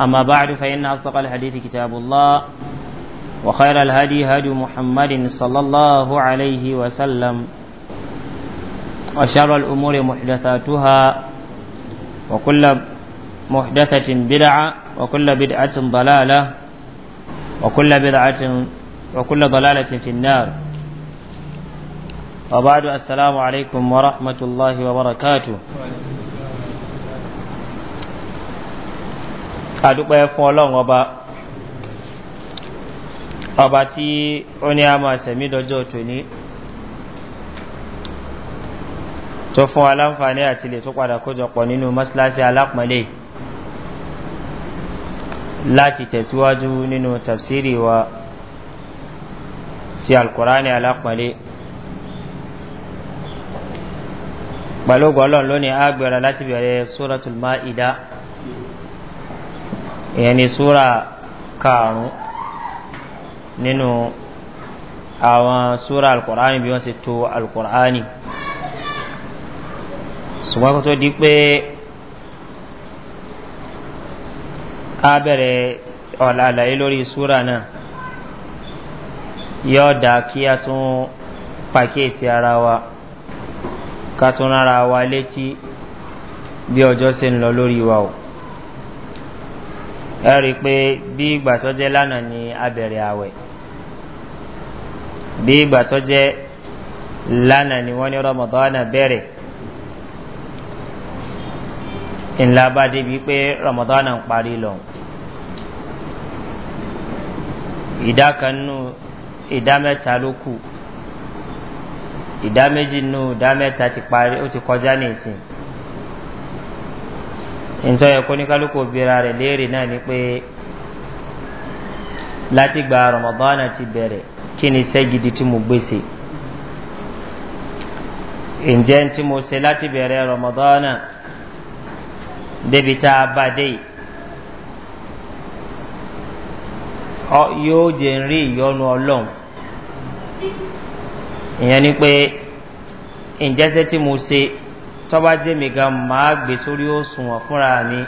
أما بعد فإن أصدق الحديث كتاب الله وخير الهدي هدي محمد صلى الله عليه وسلم وشر الأمور محدثاتها وكل محدثة بدعة وكل بدعة ضلالة وكل بدعة وكل ضلالة في النار وبعد السلام عليكم ورحمة الله وبركاته adúpẹ́ fún ọlọ́run ọba ọba tí ó ní a máa sẹ̀mí dọjọ́ tòní tó fún aláǹfààní àti lè tó padà kójọpọ̀ nínú mọ́síláṣí alápọ̀lẹ̀ láti tẹ̀síwájú nínú tafsiri wa ti alkùránì alápọ̀lẹ̀ pẹ̀lú gọ́lọ̀ lónìí agbèrè láti bẹ̀rẹ̀ sóràtùlmá ìdá ìyẹn ni súra karùn-ún nínú àwọn súra alukur'ani bí wọ́n ti to alukur'ani ṣùgbọ́n kó tó di pé a bẹ̀rẹ̀ ọ̀làlàyé lórí súra náà yóò dá kí a tún pàkíyèsí ara wa ká tún rárá wa létí bí ọjọ́ sí ń lọ lórí wa o ẹ rí i pé bí ìgbà tó jẹ́ lánàá ni abẹ̀rẹ̀ àwẹ̀ bí ìgbà tó jẹ́ lánàá ni wọ́n ní rọmọdọ́nà bẹ̀rẹ̀ ńlá bá débi pé rọmọdọ́nà ń parí lọ. ìdá kan nù ìdá mẹ́ta ló kù ìdá méjì nù ìdá mẹ́ta ti parí ó ti kọjá ní nítorí ẹ̀kọ́ ní kálukú bíra rẹ̀ léèrè náà ni pé láti gba rọmọbọ́nà ti bẹ̀rẹ̀ kí ni iṣẹ́ gidi tí mo gbèsè ǹjẹ́ tí mo ṣe láti bẹ̀rẹ̀ rọmọbọ́nà débi tá a bá dé yóò jẹ́ ń rí ìyọnu ọlọ́run ìyẹn ni pé ǹjẹ́ sẹ́ tí mo ṣe. tọ́ba jẹ́ mi gan máa gbé sórí òṣùwọ̀n fúnra mi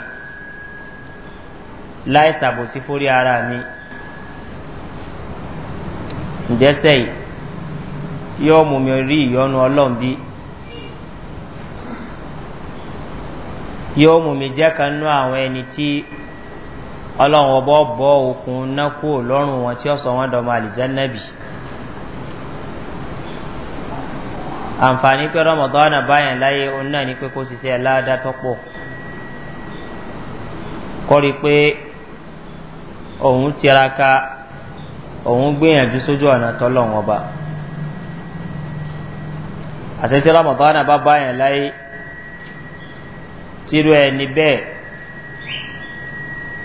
láì ṣàbòsí fórí ara mi ǹjẹ́ sẹ́yìn yóò mú mi rí ìyọnu ọlọ́run bí yóò mú mi jẹ́ kan nú àwọn ẹni tí ọlọ́run ọbọ̀ bọ́ òkun náà kúrò lọ́rùn wọn tí ó sọ wọn dọ̀mọ àlìjá àǹfààní pé rọmọdọ́nà báyàn láyé òun náà ní pé kó ṣiṣẹ́ aláàdá tó pọ̀ kọ́rí pé òun tiraka òun gbìyànjú sójú ọ̀nà tọ́lọ̀wọ̀n ọba àṣetí rọmọdọ́nà bá báyàn láyé tírú ẹni bẹ́ẹ̀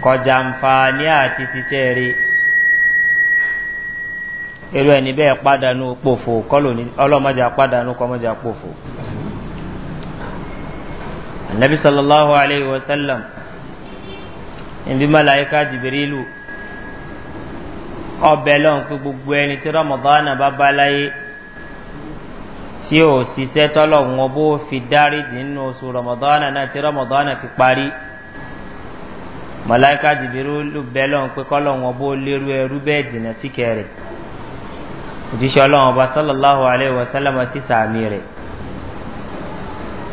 kọjá àǹfààní àti ṣiṣẹ́ rí. irú ẹni bẹ́ẹ̀ pàdánù pòfò kọlòní ọlọ́mọdé apádánù kọmọdé apòfò anabi sallallahu alayhi wa sallam ibi malayika jibirilu ọbẹ̀ lọ́n pé gbogbo ẹni tí rọmọdánà bá bá láyé tí ò ṣiṣẹ́ tọ́lọ̀ wọn bó fi dárí nínú oṣù náà tí fi parí jibirilu bẹ́ lọ́n pé kọ́lọ̀ wọn bó lérú ẹrú bẹ́ẹ̀ òjíṣẹ́ ọlọ́run ọba sallallahu alayhi wa sallam ti sàmì rẹ̀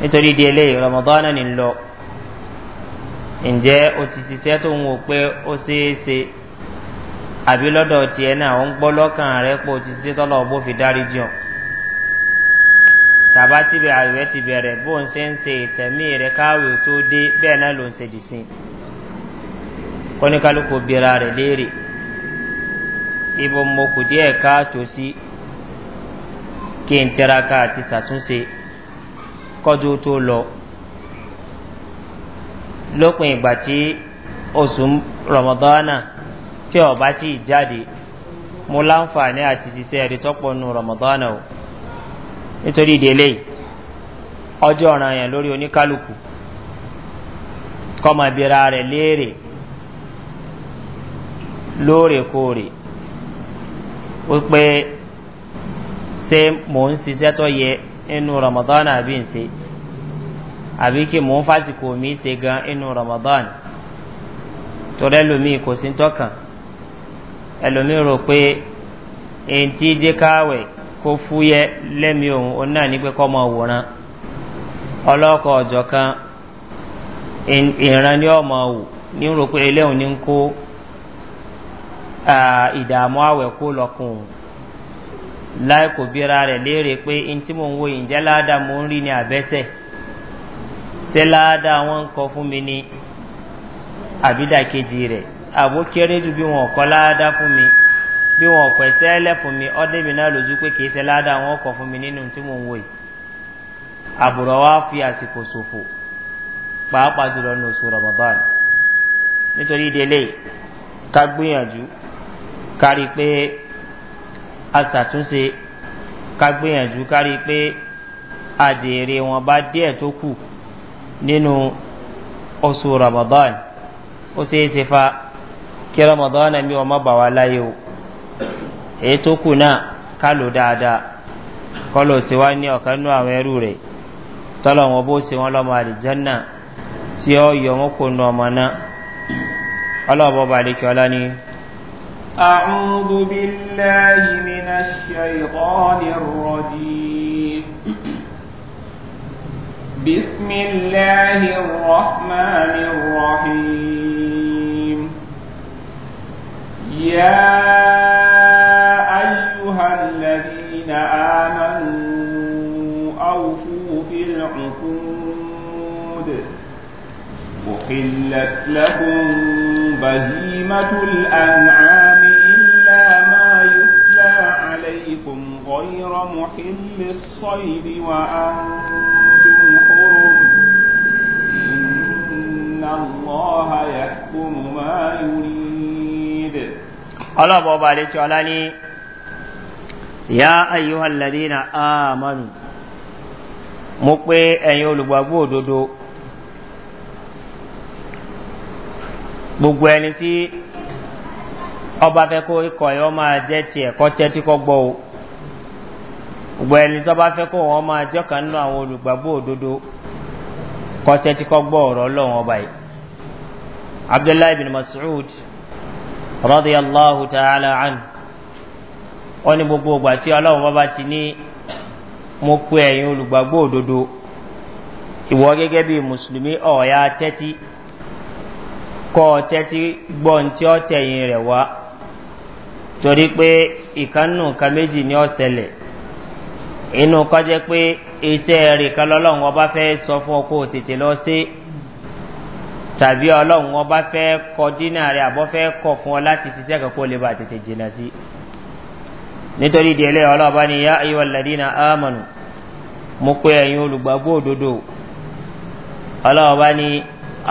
nítorí di eléyìí ramadan ni lọ ǹjẹ́ o ti ṣiṣẹ́ tó ń wò pé ó ṣeé ṣe àbí lọ́dọ̀ tiẹ̀ náà ó ń gbọ́ lọ́kàn rẹ pé o tọ́lọ̀ bó fi dárí jẹun tàbá tibẹ̀ àwẹ̀ ti bẹ̀rẹ̀ bó ń ṣe ń ṣe ìtẹ̀mí rẹ káwé tó dé bẹ́ẹ̀ náà ló ń ṣe dì sí i kọ́níkálukú rẹ̀ léèrè. ibo mo ku ka to si ke ntira ka ti sa tun to lo lopin igba ti osu ramadana ti o ba ti jade mo lanfani ati ti se ri topo nu ramadana o nitori dele ọjọ ọràn yẹn lórí oníkálukú kọmọ ìbíra rẹ léèrè lóòrèkóòrè wípé ṣé mò ń ṣiṣẹ́ tó yẹ ramadan àbí ń ṣe àbí kí mò ń fásitì mi ṣe gan inú ramadan torí ẹlòmíì kò sí tọkàn ẹlòmíì rò pé èyí tí jẹ́ kó fúyẹ́ lẹ́mìí òun òun náà ní pé kọ́ mọ wòran ọlọ́kọ̀ ọ̀jọ̀ kan ni ọmọ wò ní rò Ah, ìdààmú àwẹ̀ kó lọ́kùn láì kò bíra rẹ̀ léèrè pé in tí mò ń wo ìjẹ́ láàdá mò ń rí ní àbẹ́sẹ̀ tí láàdá wọn ń kọ fún mi ní àbídàkejì rẹ̀ àbó kéré jù bí wọn kọ láàdá fún mi bí wọn kọ ẹsẹ́ ẹlẹ́ fún mi ọdẹ mi náà lójú pé kìí ṣe láàdá wọn kọ fún mi nínú tí mò ń wo yìí àbùrọ̀ wa fi àsìkò ṣòfò pàápàá jùlọ ní oṣù ramadan nítorí délé ká gbìyànjú kárí pé a ṣàtúnṣe ká gbìyànjú kárí pé àdèrè wọn bá díẹ̀ tó kù nínú oṣù ramadan ó ṣe ṣe fa kí ramadan mi wọn má bà láyé o èyí tó kù náà ká lò dáadáa kọ́ ló ṣe wá ní ọ̀kan nú àwọn ẹrú rẹ̀ tọ́lọ̀ wọn bó ṣe wọn lọ́mọ àdìjẹ́nà tí ó yọ wọn kò nu ọmọ náà ọlọ́ọ̀bọ̀ bàdìkì ọlá ni. أعوذ بالله من الشيطان الرجيم بسم الله الرحمن الرحيم يا أيها الذين آمنوا أوفوا بالعقود أحلت لكم بهيمة الأنعام غير محل الصيد وأنتم حرم إن الله يحكم ما يريد الله بابا عليك يا أيها الذين آمنوا gbogbo ẹni tí ọba fẹ́ kó ikọ̀ yọ máa jẹ́ tiẹ̀ kọ́ tẹ́tí kọ́ gbọ́ gbogbo ẹni tó bá fẹ́ kó wọn máa jẹ́ kan nínú àwọn olùgbàgbọ́ òdodo kọ́tẹ́ tí kọ́ abdullahi bin Mas'ud. rọ́dí allahu ta'ala an ó ní gbogbo ògbà tí ọlọ́run bá bá ti ní mo pe ẹ̀yin olùgbàgbọ́ òdodo ìwọ gẹ́gẹ́ mùsùlùmí ọ̀ọ́yá tẹ́tí kọ́ tẹ́tí tí ó tẹ̀yìn rẹ̀ wá torí inú kọjá pé iṣẹ́ rẹ̀ kan lọ́lọ́run ọba fẹ́ sọ fún ọ kó o tètè lọ sí tàbí ọlọ́run ọba fẹ́ kọ dínà rẹ̀ àbọ̀ fẹ́ kọ̀ fún ọ láti ṣiṣẹ́ kan kó o lè bá tètè jìnnà sí. nítorí ìdílé ọlọ́ọ̀bá ni yá ayé wàlúùdínà ámànù mo pe ẹ̀yin olùgbàgbọ́ òdodo ọlọ́ọ̀bá ni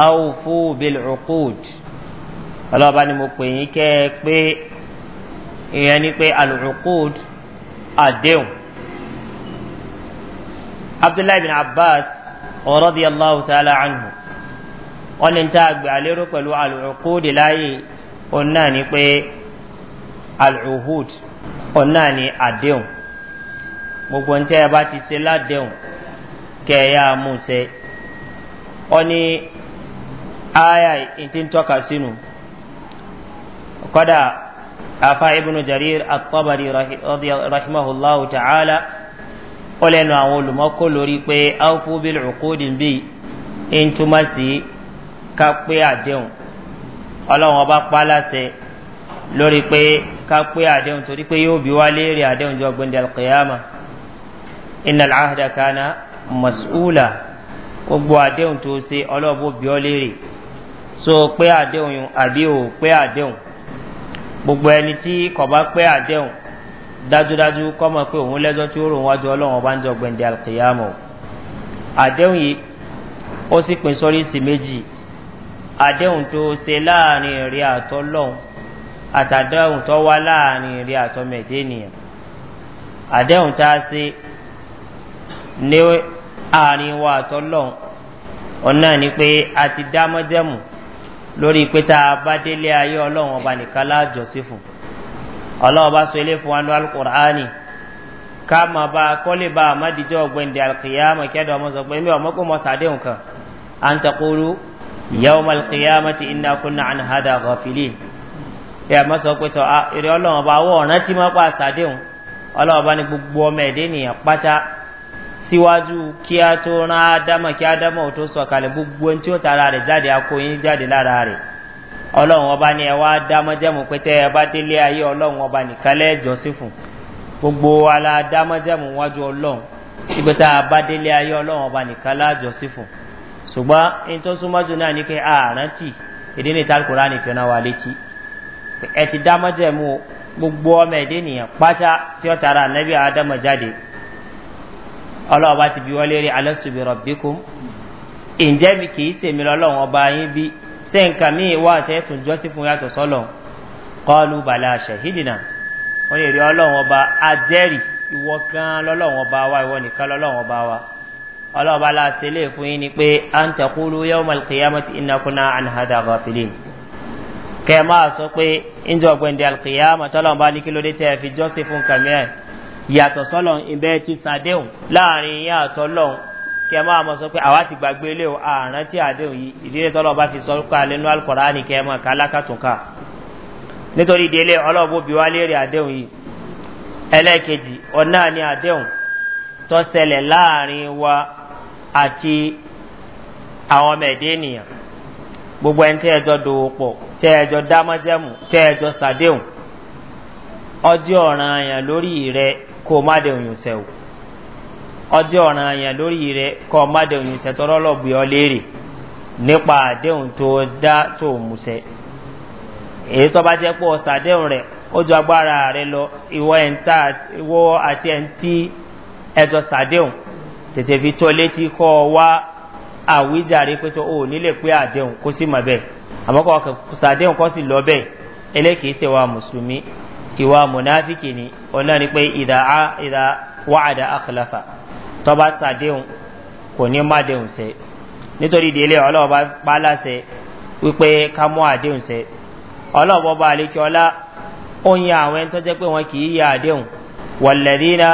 awufu bil uqud ọlọ́ọ̀bá ni mo pè yín kẹ́ ẹ pé ìyẹn ni pé al uqud àdéhùn abdullahi bin abbas ọ̀rọ̀dí allahu ta'ala anhu wọ́n ni tá a gbé alérò pẹ̀lú alùkúdì láyé òun náà ni pé alùhud òun náà ni àdéhùn gbogbo ntẹ́ ẹ bá ti ṣe ládéhùn kẹ́ ẹ yá mú ṣe wọ́n ni aya ìtì ń tọ́ka sínú kọ́dà afa ibnu jarir atọ́bari rahimahullahu ta'ala ó lẹ́nu àwọn olùmọ́kó lórí pé alfobil ọkọ́dì bí ń túmọ̀ sí ká pé àdéhùn ọlọ́run ọba pa láṣẹ lórí pé ká pé àdéhùn torí pé yóò bí wá léèrè àdéhùn jọ gbẹ̀ndẹ̀ alkiyama iná láhàdà kaná mas'ula gbogbo àdéhùn tó ṣe ọlọ́ọ̀bù bí ọ léèrè so pé àdéhùn àbí ò pé àdéhùn gbogbo ẹni tí kò bá pé àdéhùn dájúdájú kọ́ mọ̀ pé òun lẹ́jọ́ tí ó rò wájú ọlọ́run ọba ń jọ gbẹ̀ndẹ̀ alkiyama àdéhùn yìí ó sì pín sórí sí méjì àdéhùn tó ṣe láàrin ìrì àtọ́ lọ́hùn àtàdéhùn tó wá láàrin ìrì àtọ́ mẹ̀dẹ́nìyàn àdéhùn tá a ṣe ní àárín wa àtọ́ lọ́hùn ọ̀nà ni pé a ti dá mọ́jẹ́mù lórí pé tá a bá délé ayé ọlọ́run ọba nìkan láàjọsí fún un ọlọ́run bá sọ ilé fún wa ní alukur'ani ká mọ̀ bá kọ́lé bá àmàdìjọ́ ọ̀gbẹ̀ndẹ̀ alkiyama kẹ́dọ̀ ọmọ sọ pé mi ọmọ kò mọ sàdéhùn kan à ń takoro ìyàwó malkiyama ti iná kúnna àn hada ọ̀fìlì ẹ̀ mọ́ sọ pé tọ́ eré ọlọ́run bá wọ́ ọ̀rán tí mọ́ pa sàdéhùn ọlọ́run bá gbogbo ọmọ ẹ̀dẹ́ nìyẹn pátá síwájú kí á tó rán ádámọ̀ kí ádámọ̀ tó sọ̀kalẹ̀ gbogbo ohun tí ó tara rẹ̀ jáde akóyin jáde lára rẹ̀ ọlọ́run ọba ni ẹ wá dá mọ́jẹ́mú pé tẹ́ ẹ bá délé ayé ọlọ́run ọba nìkan lẹ́ẹ̀jọ́ sí fún gbogbo wa la dá mọ́jẹ́mú wájú ọlọ́run ibi tá a bá délé ayé ọlọ́run ọba nìkan láàjọ sí fún ṣùgbọ́n ní tó súnmọ́ jù náà ni pé àrántì èdè ní ìtàkùrá nìkan náà wà létí ẹ ti dá gbogbo ọmọ ẹ̀dẹ́ nìyẹn pátá tí ó tara ànábì àdámọ̀ ọlọ́run ọba ti bí wọlé rí alẹ́ ṣe nǹkan míì wá àti ẹ̀tún jọ́sí fún yàtọ̀ sọ́lọ̀ kọlu bàlá ṣẹ̀hídìnà wọ́n lè rí ọlọ́run ọba adẹ́rì ìwọ gan lọ́lọ́run ọba wa ìwọ nìkan lọ́lọ́run ọba wa ọlọ́run ọba láti lè fún yín ni pé à ń tẹ̀kúrú yẹ́wò malkiyamati innakuna anhada gafilin kẹ máa sọ pé ǹjẹ́ ọ̀gbẹ́ndì alkiyama tọ́lọ́run bá ní kí ló dé tẹ́ fi jọ́sí fún kàmíà yàtọ̀ sọ́lọ̀ ìbẹ́ ti sàdéhùn láàrin yàtọ̀ lọ́hùn kẹ máa mọ sọ pé àwa ti gbàgbé ilé o àrùn tí àdéhùn yìí ìdílé tọ́lọ́ bá fi sọ ká lẹ́nu alukọ̀rá ni kẹ máa ká nítorí ìdílé ọlọ́ọ̀bù bí wá léèrè àdéhùn yìí ẹlẹ́ẹ̀kejì ọ̀nà ni àdéhùn tó ṣẹlẹ̀ láàrin wa àti àwọn ọmọ ẹ̀dẹ́ ènìyàn gbogbo ẹni tẹ́ ẹjọ́ dòwò pọ̀ tẹ́ ẹjọ́ dámọ́jẹ́mù tẹ́ ẹjọ́ sàdéhùn ọjọ́ ọ̀ràn àyàn lórí kó má dẹ̀hùn ọjọ́ ọ̀ràn àyàn lórí rẹ kọ́ mádẹ̀hùn ìṣẹ̀tọ́rọ́ lọ́bù ọ léèrè nípa àdéhùn tó dá tó musẹ̀ èyí tó bá jẹ́ pé ọ̀sà àdéhùn rẹ̀ ó ju agbára rẹ lọ ìwọ ẹ̀ńtà ìwọ àti ẹ̀ńtì ẹ̀tọ́ sàdéhùn tètè fi tó létí kọ́ wá àwíjàre pé tó o nílé pé àdéhùn kó sì mọ̀ bẹ́ẹ̀ àmọ́ sàdéhùn kọ́ sì lọ bẹ́ẹ̀ eléyìí ṣe wa mùsùlùmí ìwà mùnáfíkì ni ọ̀nà ni pé ìdá wàhádà àkàlàfà tọ́ba sàdéhùn kò ní má déhùn sẹ́ nítorí délé ọlọ́ọ̀bá pálásẹ̀ wípé ká mú àdéhùn sẹ́ ọlọ́ọ̀bọ̀ bá àlékí ọlá ó ń ya àwọn ẹni tó jẹ́ pé wọn kì í ya àdéhùn wàlẹ́dínà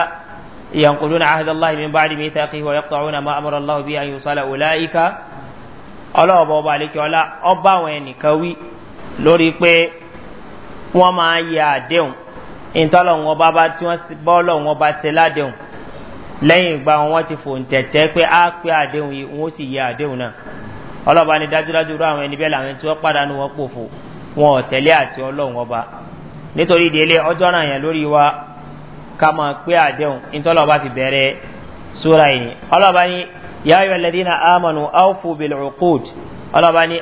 ìyànkùdún àhàdàláhì mi bá rí mi tàkì wọ́n yẹ kọ́ọ̀rún àmọ́ amúrọ̀láhù bí ayé sọ́lá ọ̀láìka ọlọ́ọ̀bọ̀ bá àlékí ọlá ọ bá àwọn ẹnìkan wí lórí pé wọ́n máa ya àdéhùn ìtọ́lọ̀ wọn bá bá tí wọ́n bọ́ ọlọ́ọ̀ bá ṣe ládéhùn lẹ́yìn ìgbà wọn wọ́n ti fòǹtẹ̀tẹ̀ pé á pé àdéhùn yìí wọ́n sì yẹ àdéhùn náà ọlọ́ba ni dájúdájú rú àwọn ẹni bẹ́ẹ̀ làwọn tí wọ́n pàdánù wọn pòfò wọn ò tẹ̀lé àti ọlọ́run ọba nítorí ìdílé ọjọ́ náà yẹn lórí wa ká máa pé àdéhùn fi bẹ̀rẹ̀ sóra yìí ọlọ́ba ni yáyọ lẹ́dínà amọ̀nù áwòfù ọlọ́ba ni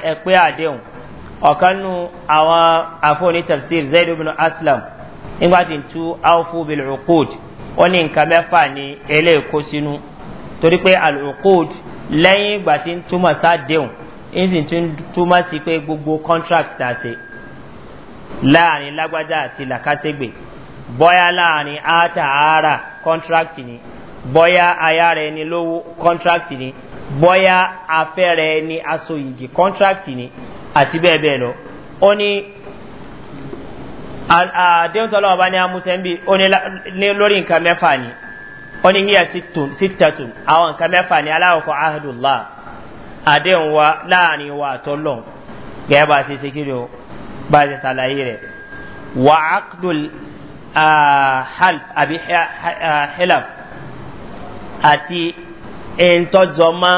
ẹ wọ́n ní nǹkan mẹ́fà ní eléyìí kó sínú torí pé alukud lẹ́yìn ìgbà tí ń túmọ̀ sádéhùn ń sì tún túmọ̀ sí pé gbogbo contract ta ṣe láàrin lágbájá àti làkàṣègbè bọ́yá láàrin ara contract ni bọ́yá aya rẹ̀ ni lówó contract ni bọ́yá afẹ́ rẹ̀ ni aṣọ ìgì contract ni àti bẹ́ẹ̀ bẹ́ẹ̀ lọ. ó ní àdéhùn tọ́lọ́ ọba ní amúṣẹ́ ń bí ó ní lórí nǹkan mẹ́fà ni ó ní yíyà sítẹ̀tù àwọn nǹkan mẹ́fà ni aláwọ̀kọ́ ahadùlá àdéhùn wa láàrin wa àtọ́lọ̀ gẹ́gẹ́ bá a ṣe ṣe kiri o bá ṣe ṣàlàyé rẹ̀ wà ákdùl half àbí hilaf àti ìntọ́jọ́mọ́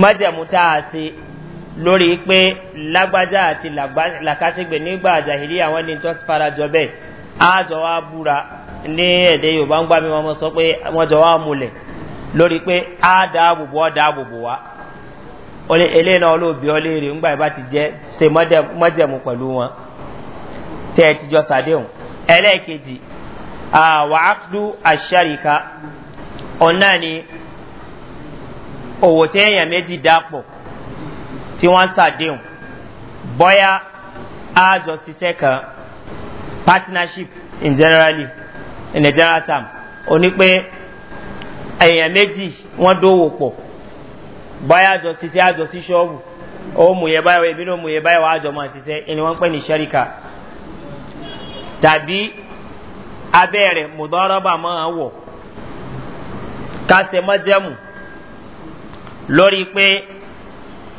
májẹ̀mú tá a ṣe lórí pé lágbájá àti làkàtìgbè nígbà àjàhìrí àwọn ẹni tó fara jọ bẹ́ẹ̀ àjọ wa búra ní èdè yorùbá ń gbá mi wọn sọ pé wọn jọ wá múlẹ̀ lórí pé á dáàbòbò ọ dáàbòbò wa eléyìí náà olóòbí ọ léèrè ńgbà ìbá ti jẹ ṣe mọ́jẹ̀mú pẹ̀lú wọn tẹ́ ẹ ti jọ sàdéhùn ẹlẹ́ẹ̀kejì àwàádú àṣàríkà ọ̀nà ni òwò tẹ́yàn méjì dápọ̀ tí wọ́n ṣàdéhùn bọ́yá àjọ kan partnership in generally in a general term oní pé èèyàn méjì wọ́n dówó pọ̀ bọ́yá àjọ ṣiṣẹ́ àjọ sí ṣọ́ọ̀bù ó mùyẹ báyọ̀ èmi náà mùyẹ báyọ̀ àjọ máa ṣiṣẹ́ ẹni wọ́n ń pè ní ṣẹ́ríkà tàbí abẹ́rẹ̀ mùdọ́rọ́bà máa wọ̀ kásẹ̀ mọ́jẹ́mù lórí pé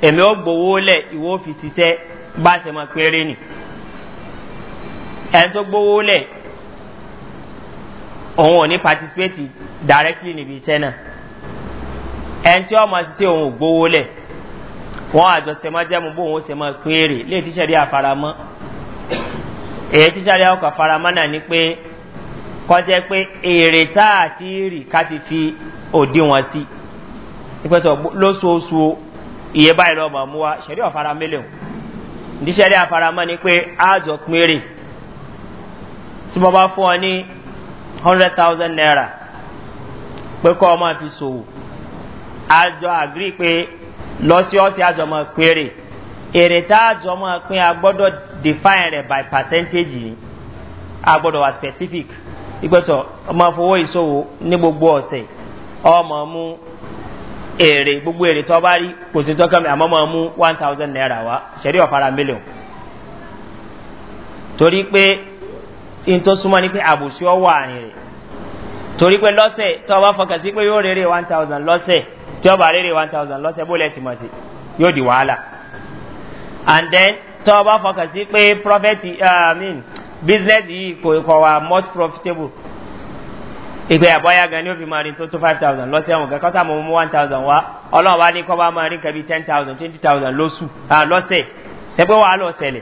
èmi ó gbowó lẹ̀ ìwọ fi ṣiṣẹ́ bá a ṣe mọ péré ni ẹni tó gbowó lẹ̀ òun ò ní patisipéètì directly níbi iṣẹ́ náà ẹni tí ọmọ ṣiṣẹ́ òun ò gbowó lẹ̀ wọ́n àjọṣe mọ́ jẹ́mu bó òun ṣe mọ péré lè tíṣẹ́ rí àfaramọ́ èyí tíṣẹ́ rí ọkọ̀ àfaramọ́ náà ni pé kọjá pé èrè tá àti rì ká ti fi òdiwọ̀n sí ìpẹ́tọ̀ lóṣooṣù o iye báyìí lọ́mọ mú wa ṣẹ̀rí ọ̀fara mélòó ìdíṣẹ́rí àfaramọ́ ni pé àjọ péré tí mo bá fún ọ ní hundred thousand naira pé kọ́ ọmọ fi ṣòwò àjọ àgírí pé lọ́síọ́sí àjọ mọ́ péré èrè tá àjọ mọ́ pín a gbọ́dọ̀ define rẹ̀ by percentage ni a gbọ́dọ̀ wà specific ìpẹ́tọ̀ ọmọ fowó ìṣòwò ní gbogbo ọ̀sẹ̀ ọmọ mú èrè gbogbo èrè tó bá rí kò sí tọ́kàn mi àmọ́ mú one thousand naira wa ṣẹ̀rí ọ̀fara mílíọ̀n torí pé n tó súnmọ́ ni pé àbùsí ọ wà àrìn rẹ̀ torí pé lọ́sẹ̀ tó bá fọkàn sí pé yóò rere one thousand lọ́sẹ̀ tí ọba rere one thousand lọ́sẹ̀ bó lẹ́sìn mọ̀ sí yóò di wàhálà and then tó bá fọkàn sí pé profit uh, i mean business yìí kò kọ̀ wá much profitable ìgbé àbọ̀yá gan ni ó fi máa rí tó tó five thousand lọ́sẹ̀ àwọn kan kọ́sà mú one thousand wá ọlọ́run wá ní kọ́ bá máa rí nǹkan bíi ten thousand twenty thousand lóṣù lọ́sẹ̀ ṣẹgbẹ́ wàá lọ sẹlẹ̀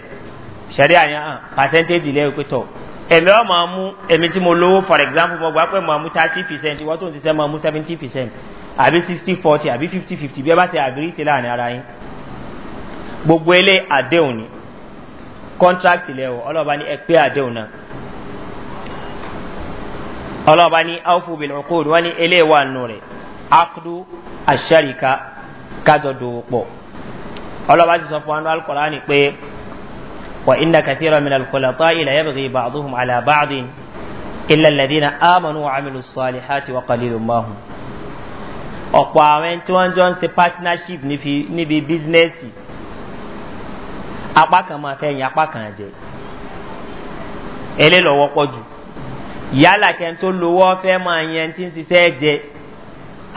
ṣẹ̀rí àyàn hàn percentage lẹ́yìn pé tọ̀ èmi ọ̀ máa mú èmi tí mo lówó for example mo gbà pé máa mú thirty percent ìwọ́n tó ń ṣiṣẹ́ máa mú seventy percent àbí sixty forty àbí fifty fifty bí ẹ bá ti àbírí ti láàrin ara yín gbogbo ilé àdéhùn ni contract lẹ́wọ̀ ọlọ́ọ̀bá ní ẹ pé àdéhùn náà ọlọ́ọ̀bá ní alfu bil'uqud wọ́n ní eléwà nù rẹ̀ akudu asharika kájọ dòwòpọ̀ ọlọ́ọ̀bá ti sọ fún wọn alukọ̀rá ni pé wà iná kàtíra mi alukọ̀lá tó ilẹ̀ yẹ́ bẹ̀rẹ̀ bàdúhùn alábàdín ilẹ̀ lẹ́dínà ámànú wa amílù sọ́ọ̀lì hàti wà kàlílù máhùn. ọ̀pọ̀ àwọn tí wọ́n jọ ń ṣe partnership níbi bísínẹ́sì apá kan máa fẹ́ yin apá kan jẹ eléyìí lọ́wọ́ pọ̀ jù yálà kẹ́ tó lówó ọ̀fẹ́ máa yẹn tí ń ṣiṣẹ́ jẹ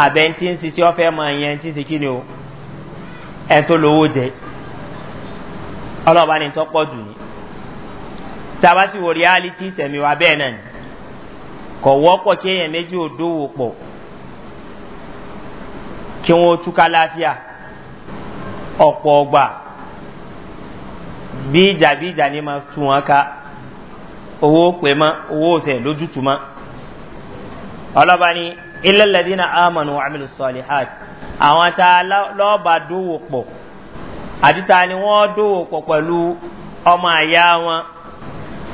àbẹ̀ tí ń ṣiṣẹ́ ọ̀fẹ́ máa yẹn tí ń ṣe kí ni o ẹ̀ tó lówó jẹ ọlọ́ọ̀bá ni tó pọ̀ jù ní tàbá sì wò reality sẹ̀mi wa bẹ́ẹ̀ náà ni kò wọ́pọ̀ kí èèyàn méjì ò dówó pọ̀ kí wọ́n túká láfíà ọ̀pọ̀ ọgbà bí ìjà bí ìjà ni máa tú wọn ká owó pè má owó ṣe lójútu má ọlọ́ba ni ilẹ̀lẹ́dí na amọ̀nù amílù sọ̀lì hajj àwọn tá a lọ́ọ̀bà dówó pọ̀ àti ni wọ́n dówó pọ̀ pẹ̀lú ọmọ àyá wọn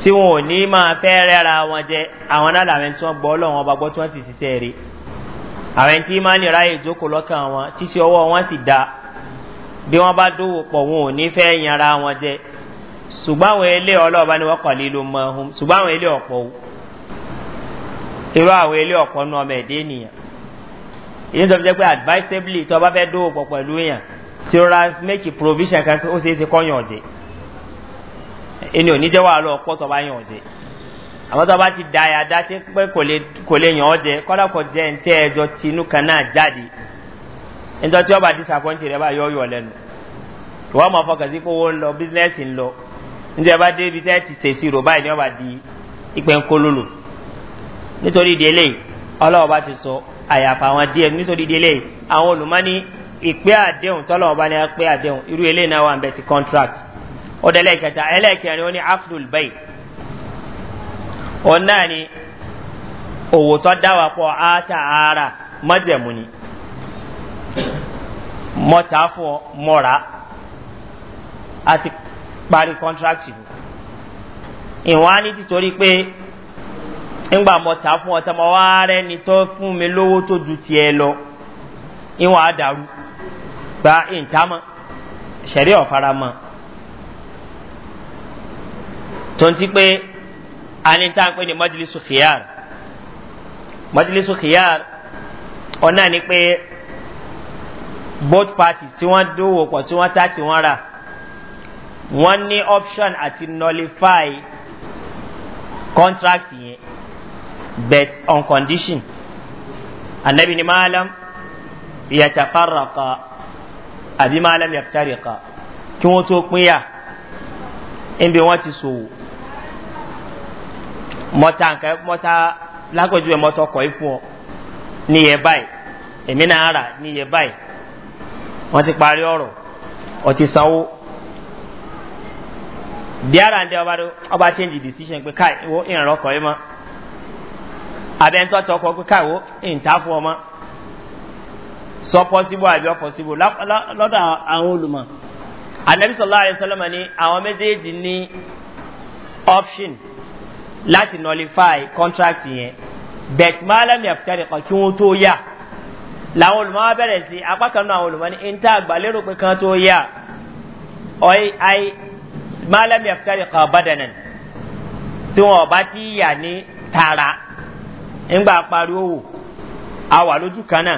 tí wọn ò ní máa fẹ́ rẹ́ra wọn jẹ àwọn náà tí wọ́n gbọ́ ọlọ́run ọba gbọ́ tí wọ́n sì ṣiṣẹ́ rí àwọn tí máa ní ráyè lọ́kàn wọn ṣíṣe ọwọ́ wọn sì da bí wọ́n bá dówó pọ̀ wọn ò ní fẹ́ yanra wọn jẹ ṣùgbọ́n àwọn ilé ọlọ́ọ̀bá ni wọ́n kọ̀ lílo mọ́ ohun ṣùgbọ́n ilé ọ̀pọ̀ o irú àwọn ilé ọ̀pọ̀ náà ọmọ ẹ̀dẹ́ ènìyàn èyí tó fi jẹ́ pé advisably tó bá fẹ́ dówó pọ̀ pẹ̀lú tí ó ra make provision kan pé ó ṣeé ṣe kọ́yàn ọ̀jẹ̀ ẹni ò ní jẹ́ wàhálà ọ̀pọ̀ tó bá yàn ti da ẹ̀ adá tí pé kò lè yàn ọ̀jẹ̀ kọ́dà jẹ́ kan náà jáde tí ọba disappoint rẹ̀ bá yọ ọ̀yọ̀ lẹ́nu ìwọ́n mọ̀ fọkàn sí kówó ń lọ ń njẹ́ bá débi tẹ́ ti ṣèṣì rò báyìí ni wọ́n bá di ìpẹ́ ńkólólò nítorí ìdílé ọlọ́wọ́ bá ti sọ àyàfà àwọn díẹ̀ nítorí ìdílé àwọn olùmọ́ni ìpè àdéhùn tọ́lọ́wọ́ bá ní pé àdéhùn irú eléyìí náà wà ń bẹ̀ ti contract ọ̀dọ̀ ẹlẹ́kẹta ẹlẹ́kẹrin ó ní afdul bay òun náà ni òwò tó dáwà pọ̀ áátà ara mọ́jẹ̀mú ni mọ́ta fún ọ mọ́ra àti parí kọ́ńtrákìtì mi ìwọ̀n á ní títorí pé ńgbà mọ̀ fún ọ̀tá mọ̀ wá rẹ́ ni tó fún mi lówó tó ju tiẹ̀ lọ ìwọ̀n á dàrú gba ìntàmọ́ ṣẹ̀rí ọ̀faramọ́ tó ń ti pé ani tá à ń pè ní majlisu khiyar majlisu khiyar ọ̀nà ni pé both parties tí wọ́n dówó pọ̀ tí wọ́n tá tí wọ́n rà wọ́n ní option àti nullify contract yẹn bet on condition anabi ni maalam yatafaraka àbí maalam yaftarika kí wọ́n tó pínyà níbi wọ́n ti sòwò mọ́ta nǹkan mọ́ta lágbèjú ẹ̀ mọ́tọ́ kọ́ ifun ọ níyẹ báyìí èmi náà rà níyẹ báyìí wọ́n ti parí ọ̀rọ̀ ọ ti sanwó diara ndé ọba do ọba change decision pé káì wo ìrànlọ́kọ̀ yìí mọ́ abẹ́ntọ́ tọ́ ọkọ̀ pé káì wo ìntàfọ́ ọmọ sọ pọ́síbù àbí ọ̀pọ̀síbù lọ́dọ̀ àwọn olùmọ̀ anabi sọlá àyẹ̀sọ́lọ́mọ ni àwọn méjèèjì ní option láti nullify contract yẹn bet malam yaftari kan kí wọ́n tó yà làwọn olùmọ̀ wa bẹ̀rẹ̀ sí apá kan náà àwọn olùmọ̀ ní ìntà àgbàlérò pé kan tó yà ọ̀yẹ́ malam yaftariqa badanan tí wọn ọba ti yà ní tara ńgbà pariwo a wà lójú kan náà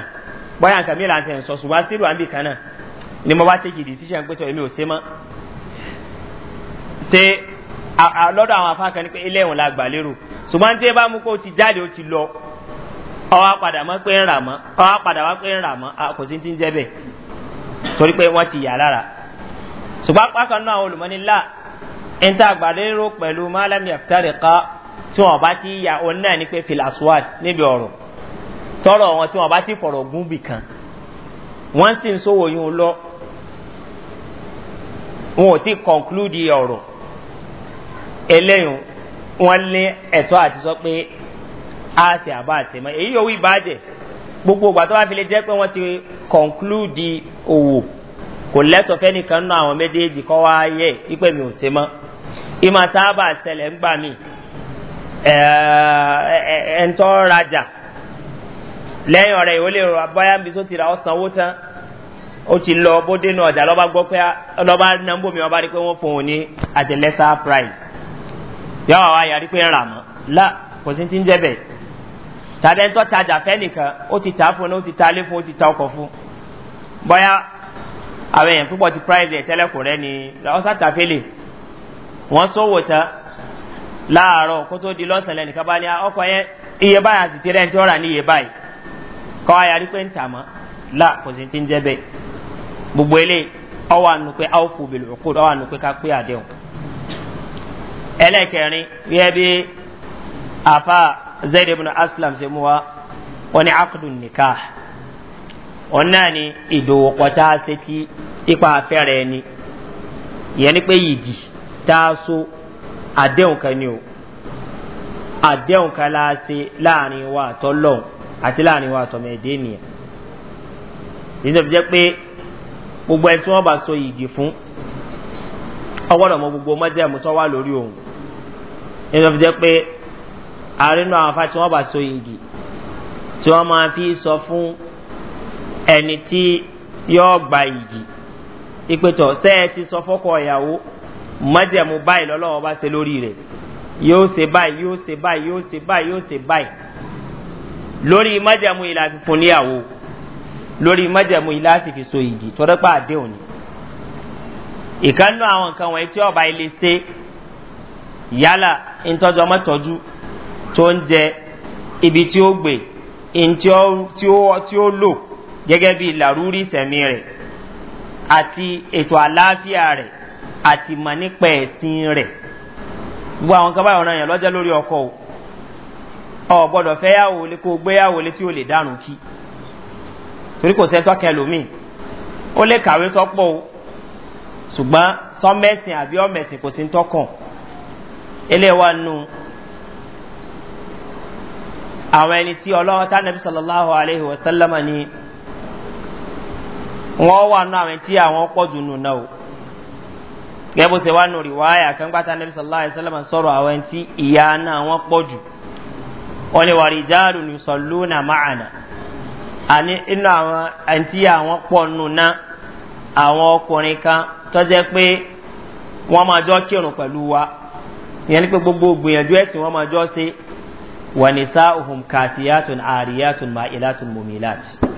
bóyá nǹkan mìíràn ti ń sọ ṣùgbọ́n sílù à ń bì kan náà ni mo bá tẹ́kì ìdí tíṣà ń pẹ́tọ̀ èmi ò ṣe mọ́ ṣe lọ́dọ̀ àwọn afáàkan ní pé ilé ìwọ̀n la gbà lérò ṣùgbọ́n tí ẹ bá mú kó ti jáde ó ti lọ ọwọ́ padà mọ́ pé ń rà mọ́ ọwọ́ padà wá pé ń rà mọ́ kò sí ti ń jẹ́ bẹ́ẹ̀ torí pé wọ́n ti yà lára ṣùgbọ́n apákan náà àwọn olùmọ́nilá ń tà gbàdérò pẹ̀lú málàmì àfitárìká tí wọn bá ti yà òun náà ní pé filaswad níbi ọ̀rọ̀ tọrọ wọn tí wọn bá ti fọ̀rọ̀ gún bì kan wọ́n sì ń sówó yún un lọ wọn ò tí conclude ọ̀rọ̀ eléyìí wọ́n lé ẹ̀tọ́ àti sọ pé a ti àbá àtẹ̀mọ́ èyí yòówù ìbàjẹ́ gbogbo ìgbà tó bá fi lè jẹ́ pé wọ́n ti conclude òwò. kò lẹ́tọ̀ fẹ́nìkan nú àwọn méjèèjì kọ́ wá yẹ ipe mi ò se mọ́ ìmọ̀ sábà sẹlẹ̀ ń gbà mí ẹ̀ẹ́ntọ́ rajà lẹ́yìn ọ̀rẹ́ ìwọlé rọ abọ́yá tó ti ra ọ̀sán owó lọ bóde náà ọjà lọ́ba gbọ́ pé ọlọ́ba nàmbó mi ọba rí pé wọ́n fún un ní a price yọ àwọn pé ń rà mọ́ àwọn èèyàn púpọ̀ ti private tẹ́lẹ̀ kò ni ọ̀sà tàfẹ́lẹ̀ wọ́n sọ̀wọ́ tán láàárọ̀ kó tó di lọ́sàn lẹ́nu kaba ni ah, ọkọ̀ yẹn iye báyìí àti tirẹ̀ tí ó rà ní iye báyìí kọ́ ayárí pé ń tà mọ́ là kò sì ti ń jẹ́ bẹ́ẹ̀ gbogbo ilé ọwọ́ àánú pé áwòkù bèlò òkú ọwọ́ àánú pé ká pé àdéhùn ẹlẹ́kẹrin yẹ bí àfa aslam ṣe mú wa wọ́n òun náà ni ìdòwòpọ̀ tá a ṣe ti ipa afẹ́rẹ́ ẹni ìyẹn ni pé yìdì tá a so àdéhùn kan ni o àdéhùn kan la ṣe láàrin wa àtọ́ lọ́hùn àti láàrin wa àtọ́ mẹ́ẹ̀dẹ́ nìyẹn nínú ìjẹ́ pé gbogbo ẹni tí wọ́n bá so yìdì fún ọwọ́dọ̀ mọ gbogbo mọ́jẹ́mú tó wà lórí òun nínú ìjẹ́ pé àárín àwọn afá tí wọ́n bá so yìdì tí wọ́n máa fi sọ fún ẹni tí yọ gba ìjì ìpètọ̀ sẹ́ ẹ ti sọ fọ́kọ ìyàwó mọ́jẹ̀mú báyìí lọ́lọ́wọ́ bá ṣe lórí rẹ̀ yóò ṣe báyìí yóò ṣe báyìí yóò ṣe báyìí yóò ṣe báyìí lórí mọ́jẹ̀mú ìlà fífún níyàwó lórí mọ́jẹ̀mú ìlà sì fi so ìjì tọ́dọ́pá àdéhùn ni ìkànnú àwọn nǹkan wọ̀nyí tí ọba ilé ṣe yálà ntọ́jú ọmọtọ́jú tó ń jẹ ibi tí ó gbé ntí ó lò gẹ́gẹ́ bí làrúrí sẹ̀mí rẹ̀ àti ètò àlàáfíà rẹ̀ àti mọ̀ nípa ẹ̀sìn rẹ̀ gbogbo àwọn kan báyọ̀ náà yẹn lọ́jọ́ lórí ọkọ̀ o ọ̀ gbọ́dọ̀ fẹ́ yàwó lé kó gbé yàwó lé tí ó lè dànù kí torí kò sẹ́ńtọ́ kẹlòmíì ó lè kàwé tọ́pọ̀ o ṣùgbọ́n sọ́mẹ́sìn àbí ọ̀mẹ̀sìn kò sí ń tọ́kàn eléwà nù àwọn ẹni tí ọlọ́wọ́ tánàbí wọn wà nù àwọn tí àwọn pọ̀ jù nù náà o gẹ́gẹ́ bó ṣe wà nù rìwáyà kẹ́ńgbàtà nàbí sọlá àyè sẹlẹ̀mà sọ̀rọ̀ àwọn tí ìyá náà wọ́n pọ̀ jù wọ́n lè wà rìjáàlù ní sọ̀lú nà máàna àní inú àwọn àǹtí àwọn pọ̀ nù náà àwọn ọkùnrin kan tọ́jẹ́ pé wọ́n máa jọ kírun pẹ̀lú wa ìyẹn ní pé gbogbo gbìyànjú ẹ̀sìn wọ́n máa jọ ṣe wà ní sáà òhùn kàtìyàtùn àríyàtùn màìlàtùn mòmìlàtì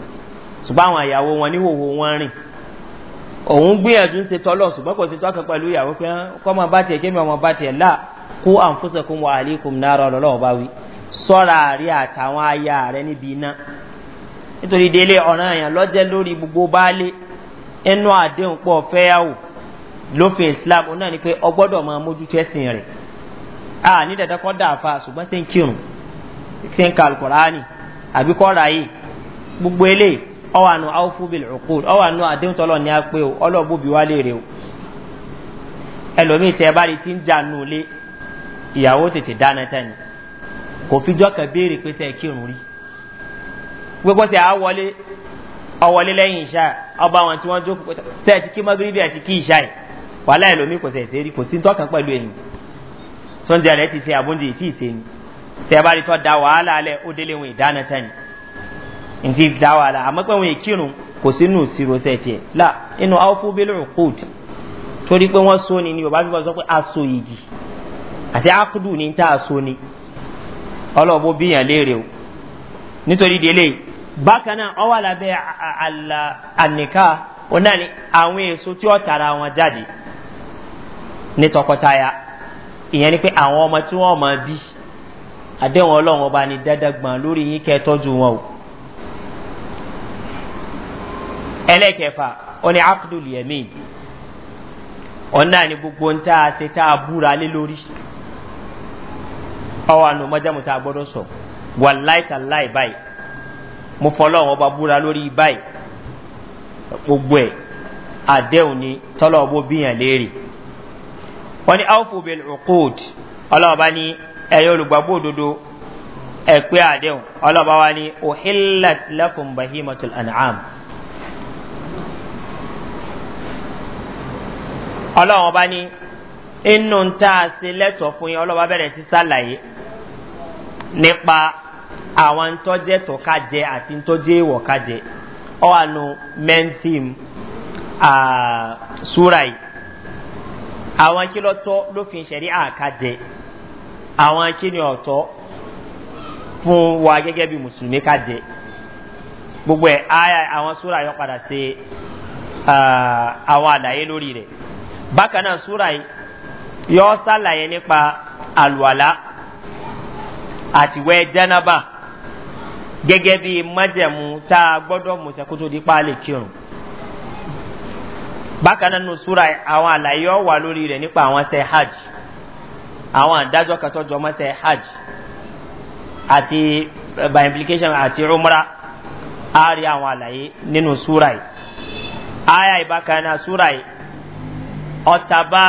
ṣùgbọ́n àwọn ìyàwó wọn níhòòhò wọn rìn òun gbìyànjú ń ṣe tọ́lọ̀ ṣùgbọ́n kò sí tọ́kàn pẹ̀lú ìyàwó pé kọ́ máa bá tiẹ̀ kémi ọmọ bá tiẹ̀ là kó àǹfọ̀sẹ̀kùn wà àlékún náà rọ̀ lọ́wọ́ bá wí sọ́ra rí àtàwọn aya rẹ níbi iná nítorí délé ọ̀ràn àyàn lọ́jẹ́ lórí gbogbo baálé ẹnu àdéhùn pọ̀ fẹ́yàwó lófin islam ó náà ni pé ọgbọ́dọ̀ máa mójútó ẹ̀sìn rẹ̀ ọwọ́ àánú áwùfù bíi ọkùn ọwọ́ àánú àdéhùn tọ́lọ̀ ní apẹ́ o ọlọ́ọ̀bù bí wá léèrè o ẹlòmíì tẹ ẹ bá rí ti ń jà nù lé ìyàwó tètè dáná tẹ́ni kò fíjọ́ kan béèrè pé sẹ́ kírun rí gbogbo sẹ́ á wọlé ọwọlé lẹ́yìn ìṣá ọba àwọn tí wọ́n jókòó sẹ́ ti kí mọ́gíríbì àti kí ìṣá yìí wàhálà ẹlòmíì kò sẹ̀ rí kò sí tọ́kàn pẹ̀lú ẹ̀yìn sọ́njà rẹ̀ ti ṣe àbúndì ìtì ìṣe tẹ́ bá rí tọ́ da wàhálà alẹ́ ó délé wọn ìdáná tẹ́ni ntí da wàhálà àmọ́ pé wọn èkìrùn kò sínú ìṣirò sẹ́tì ẹ̀ là inú awúfó bẹ́lẹ̀ kóòdù torí pé wọ́n ni ni yorùbá fi bọ́ aso yìí àti akudu ni tá a so ni ọlọ́ọ̀bù bíyàn léèrè o nítorí délé bákan náà ọ wà lábẹ́ àníká wọn náà ni àwọn èso tí ó tara wọn jáde ní tọkọtaya ìyẹn ni pé àwọn ọmọ tí wọn mọ bí àdéhùn ọlọ́run ọba ni dáadáa gbọ̀n lórí yín kẹ́ tọ́jú o. ẹlẹ́kẹfà ọ̀nà akdul yemen ọ̀nà ni gbogbo ń tá a ṣe tá a búra lé lórí ọwọ́ àná mọ́jámù tá a gbọ́dọ̀ sọ wà láìtàláì báyìí mo fọlọ́ wọn bá búra lórí báyìí gbogbo ẹ̀ àdéhùn ni tọ́lọ̀ bó bíyàn léèrè wọ́n ní alphabet record ọlọ́ọ̀bá ní ẹ̀yọ́ olùgbàgbọ́ òdodo ẹ̀pẹ́ àdéhùn ọlọ́ọ̀bá wa ní ohillat lakum bahimatul an'am. ọlọ́run ọba ní inú ń tá a ṣe lẹ́tọ̀ọ́ fún yín ọlọ́ba bẹ̀rẹ̀ sí sàlàyé nípa àwọn ntọ́jẹ́ tó ká jẹ àti ntọ́jẹ́ ìwọ̀ ká jẹ ọ wà nù main theme sura yìí àwọn akílọ́tọ́ lófin ṣẹ̀rí àká jẹ àwọn akíni ọ̀tọ́ fún wa gẹ́gẹ́ bí mùsùlùmí ká jẹ gbogbo ẹ̀ àwọn sura yọ padà sí àwọn àlàyé lórí rẹ̀ bákan náà súra yìí yọ sàlàyé nípa àlùwàlá àtiwẹ́ jẹ́nàbà gẹ́gẹ́ bí májẹ̀mú tá a gbọ́dọ̀ mọ̀sẹ̀ kó tó di páálí kírun bákan náà nù súra yìí àwọn àlàyé ọ̀ wà lórí rẹ̀ nípa àwọn sẹ́ hajj àwọn àdájọ́ kan tó jọmọ́ hajj àti eh, by implication àti umra a rí àwọn àlàyé nínú súra yìí aya ìbákan náà súra yìí ọ̀tàbá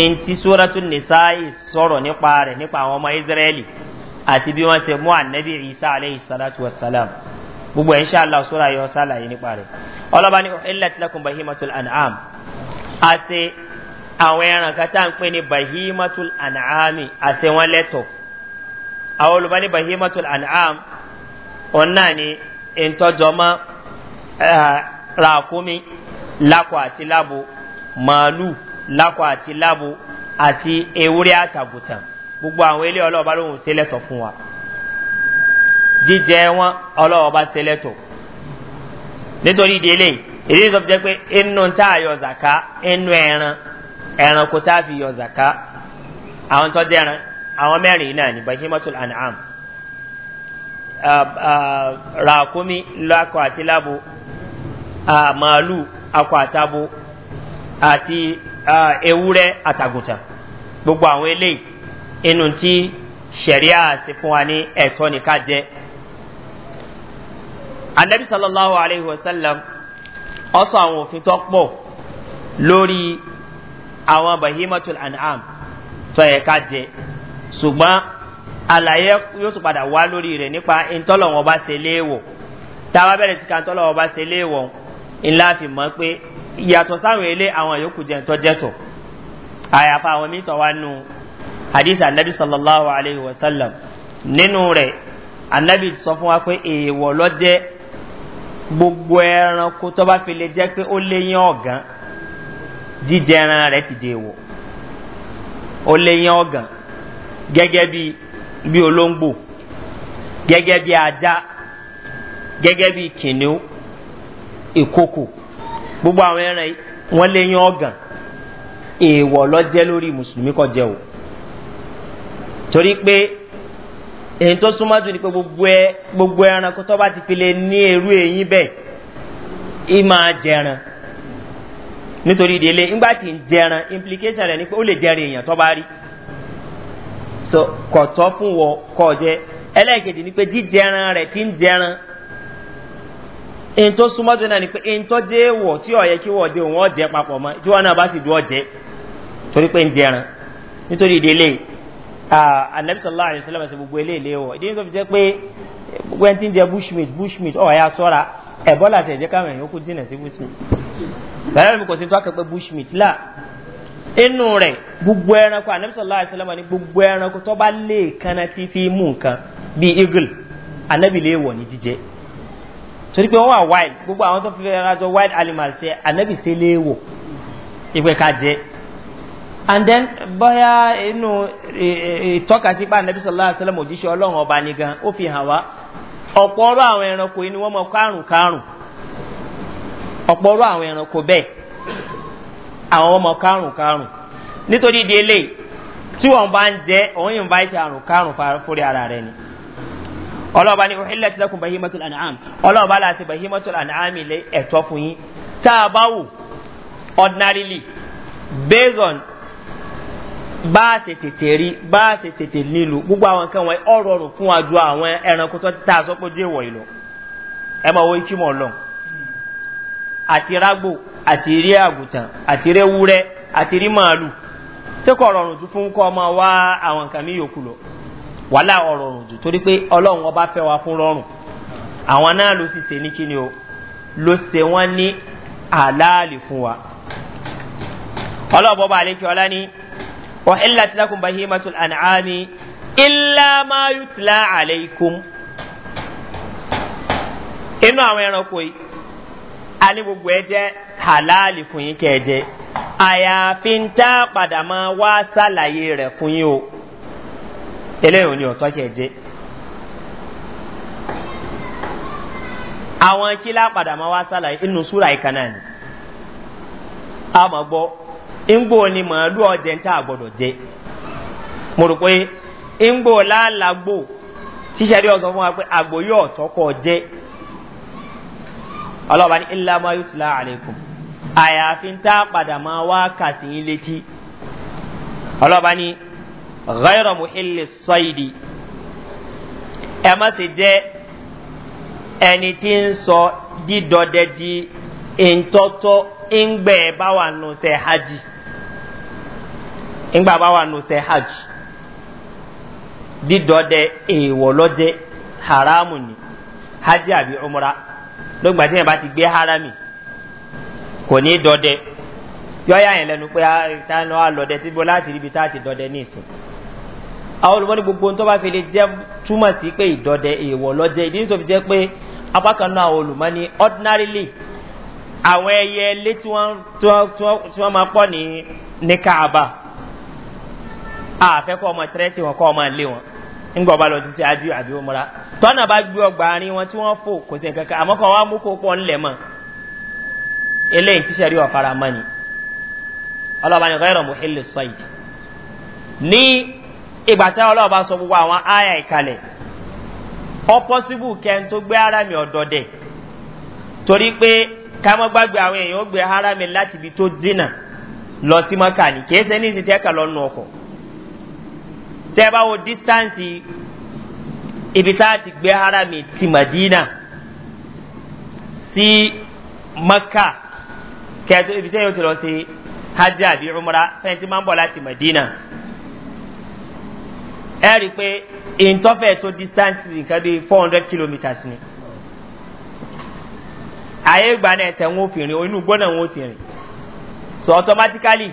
eŋti sóràtún nìsáyì sọ̀rọ̀ nípa rẹ̀ nípa àwọn ọmọ israẹli àti bí wọ́n ṣe mú ànábì isa aleyhi salatu wa salam gbogbo ẹ̀ ń ṣàlá sóra yọ sálàyé nípa rẹ̀ ọlọ́ba ní ilẹ̀ tilẹ̀kùn bahimatul an'am àti àwọn ẹran kan tá ń pè ní bahimatul an'am àti wọn lẹ́tọ̀ àwọn olùbá bahimatul an'am òun náà ni ìtọ́jọ́mọ́ eh, ràkúmi lákọ̀ àti lábo màálù lákọ̀ àti lábo àti ewúrẹ́ àtàgùtàn gbogbo àwọn ilé ọlọ́ọ̀bá lóhùn sẹ́lẹ̀tọ̀ fún wa jíjẹ wọn ọlọ́ọ̀bá sẹ́lẹ̀tọ̀ nítorí ìdílé èdè tó jẹ́ pé inú tá a yọ zàká inú ẹran ẹran kò tá a fi yọ zàká àwọn tó dẹran àwọn mẹ́rin náà ní bahimatul anam ràkúmi lákọ̀ àti lábo màálù akọ̀ àtàbò àti ewúrẹ́ àtàgùntàn gbogbo àwọn eléyìí inú tí sẹ̀ríà ti fún wa ní ẹ̀tọ́ ní ká jẹ́ anabi sallallahu alayhi wa sallam ọsọ àwọn òfin tó pọ̀ lórí àwọn bahimatul an'am tó yẹ ká jẹ ṣùgbọ́n àlàyé yóò tún padà wá lórí rẹ̀ nípa ìtọ́lọ̀wọ̀n bá ṣe léèwọ̀ tá bẹ̀rẹ̀ sí ká ìtọ́lọ̀wọ̀n bá ṣe léèwọ̀ ńlá fi mọ́ pé yàtọ̀ sáwọn ilé àwọn yòókù jẹ́ tó jẹ́ tó àyàfà àwọn mítọ̀ wá nù hadith anabi sallallahu alayhi wa sallam nínú rẹ̀ anabi sọ fún wa pé èèwọ̀ lọ jẹ́ gbogbo ẹranko tó bá fi lè jẹ́ pé ó léyìn ọ̀gán jíjẹ ẹran rẹ̀ ti dèèwọ̀ ó léyìn ọ̀gán gẹ́gẹ́ bí bí olóńgbò gẹ́gẹ́ bí ajá gẹ́gẹ́ bí kìnìún ìkókò. E gbogbo àwọn ẹran yìí wọ́n lé yán ọ̀gàn èèwọ̀ lọ́jẹ́ lórí mùsùlùmí kọ́ jẹ́ o torí pé èyí tó súnmọ́ ni pé gbogbo ẹranko tó bá ti fi lè ní èrú èyí bẹ́ẹ̀ ì máa jẹran nítorí ìdílé ńgbà tí ń jẹran implication rẹ̀ ni pé ó lè jẹrin èèyàn tó rí so kọ̀tọ́ fún wọ kọ̀ jẹ́ ẹlẹ́ẹ̀kejì ni pé jíjẹran rẹ̀ ti ń jẹran in tó súnmọ́ tó náà ni pé in tó dé wọ̀ tí ọ̀yẹ́ kí wọ́n dé wọ́n jẹ́ papọ̀ mọ́ tí wọ́n náà bá sì dúọ́ jẹ́ torí pé ń jẹran nítorí ìdílé anabi sallallahu alayhi wa sallam ẹsẹ gbogbo eléyìí wọ̀ ìdí tó fi jẹ́ pé gbogbo ẹni tí ń jẹ bushmeat bushmeat ọ̀ya sọ́ra ẹ̀bọ́là tẹ̀ jẹ́ káwọn èèyàn kú sí bushmeat sàrẹ́ mi kò sí tó akẹ́ pé bushmeat là inú rẹ̀ gbogbo ẹranko anabi sallallahu alayhi wa sallam gbogbo ẹranko tó bá lé kanna tí fi mú bíi eagle anabi lè wọ̀ ní jíjẹ́ torí pé wọ́n wà wild gbogbo àwọn tó fi fẹ́ ra jọ wild animals ṣe ànábì ṣe lé wò ìpè ká jẹ and then bóyá inú e, e, ìtọ́kasí pa ànábì sọ̀rọ̀ láti sọ́lọ́mù òjíṣẹ́ ọlọ́run ọba ni gan ó fi hàn wá ọ̀pọ̀ ọ̀rọ̀ àwọn ẹranko yìí ni wọ́n mọ kárùn kárùn ọ̀pọ̀ ọ̀rọ̀ àwọn ẹranko bẹ́ẹ̀ àwọn ọmọ kárùn kárùn nítorí ìdí eléyìí tí wọ́n bá ń jẹ́ òun invite àrùn kárùn fúri ara rẹ ni ọlọ́ọ̀bá ní ọ̀hílẹ̀ tí lẹ́kùn bahimatul an'am ọlọ́ọ̀bá láti bahimatul an'am ilé ẹ̀tọ́ fún yín tá a bá wù ordinarily based on bá a ṣe tètè rí bá a ṣe tètè nílò gbogbo àwọn nǹkan wọn ọ̀rọ̀ ọ̀rùn fún wa ju àwọn ẹranko tó tá a sọ pé dé ìwọ̀ ìlọ ẹ máa wọ ikú mọ̀ lọ àti rágbò àti rí àgùntàn àti rí ewúrẹ́ àti rí màálù tí kò rọrùn tún fún kọ́ ọmọ wa àwọn nǹkan wàhálà ọ̀rọ̀rùn jù torí pé ọlọ́run ọba fẹ́ wa fún rọrùn àwọn náà ló sì ṣe ní kíni o ló ṣe wọ́n ní àlàálì fún wa ọlọ́ọ̀bọ̀ bá àlékí ọlá ní ọ̀hílà tí lákùn báyìí matul ànàámi ilá máa yú tìlá àlékún inú àwọn ẹranko yìí a ní gbogbo ẹ jẹ́ àlàálì fún yín kẹ́ ẹ àyàfi ń tá padà máa wá sàlàyé rẹ̀ fún yín o eléyìí ni ọ̀tọ́ ṣe jẹ́ àwọn kílá padà máa wá sálàyé inú súra ìkànnà ni a máa gbọ́ ńgbò ni màálù ọ̀jẹ̀ ń tà gbọ́dọ̀ jẹ́ mo rò pé ńgbò láàlágbò ṣíṣẹ́ rí ọ̀sán fún wa pé àgbò yóò tọ́kọ̀ jẹ́ ọlọ́ọ̀bá ní ilá máa yóò ti lá àlékún àyàfi ń padà máa wá kà sí ilé tí ọlọ́ọ̀bá ní ghayra muhilli saidi ẹ má sì jẹ́ ẹni tí ń sọ dídọdẹ di ntọ́tọ́ ńgbẹ́ bá wà nù sẹ́ hajj ńgbà bá wà nù sẹ́ hajj dídọdẹ èèwọ̀ lọ́jẹ́ haramu ni hajj àbí umra lóògbà tí yẹn bá ti gbé harami kò ní dọdẹ yọ́yà yẹn lẹ́nu pé táwọn á lọ́dẹ tí bó láti ríbi tá àti dọ́dẹ ní ìsìn àwọn olùkọ́ ní gbogbo tó bá fi lè jẹ́ túmọ̀ sí pé ìdọ́dẹ èèwọ̀ lọ́jẹ́ ìdí nítorí jẹ́ pé apákan àwọn olùmọ́ ní ordinarily àwọn ẹyẹ ilé tí wọ́n máa pọ̀ ní ní káàbà àfẹ́kọ́ ọmọ tẹ́rẹ́tì wọn kọ́ ọmọ ilé wọn ńgbọ́ bá lọ títí ajú àbí òmùra tọ́nà bá gbé ọgbà àárín wọn tí wọ́n fò kò sí nǹkan kan àmọ́ kan mú kó pọ̀ ńlẹ̀ mọ́ eléyìí tíṣẹ́rí ọ̀faramọ́ ni ọlọ́ba ni rẹ́rọ̀ muhili sọ́yìn ní ìgbà tí ọlọ́ba sọ gbogbo àwọn àyà ìkalẹ̀ ọpọ́síbù kẹ́ni tó gbé harami ọ̀dọ́dẹ̀ torí pé kámọ́ gbàgbé àwọn èèyàn ó gbé harami láti ibi tó dínà lọ sí mọ́kà ní kìí ṣe ní ìsìtẹ́ kà lọ́nu ọkọ̀ tẹ́ bá wo dístáǹsì ibi tá a ti gbé harami ti madina sí mọ́kà kẹ́ẹ̀tọ́ ibi tẹ́ yóò ti lọ sí hajj àbí umra fẹ́ẹ́ tí máa ń bọ̀ láti medina ẹ rí i pé ìǹtọ́fẹ́ tó distance nǹkan bíi four hundred kilometres ni àyè ìgbà náà ẹsẹ̀ wọn ò fi rìn inú gbọ́dọ̀ wọn ò ti rìn so automatically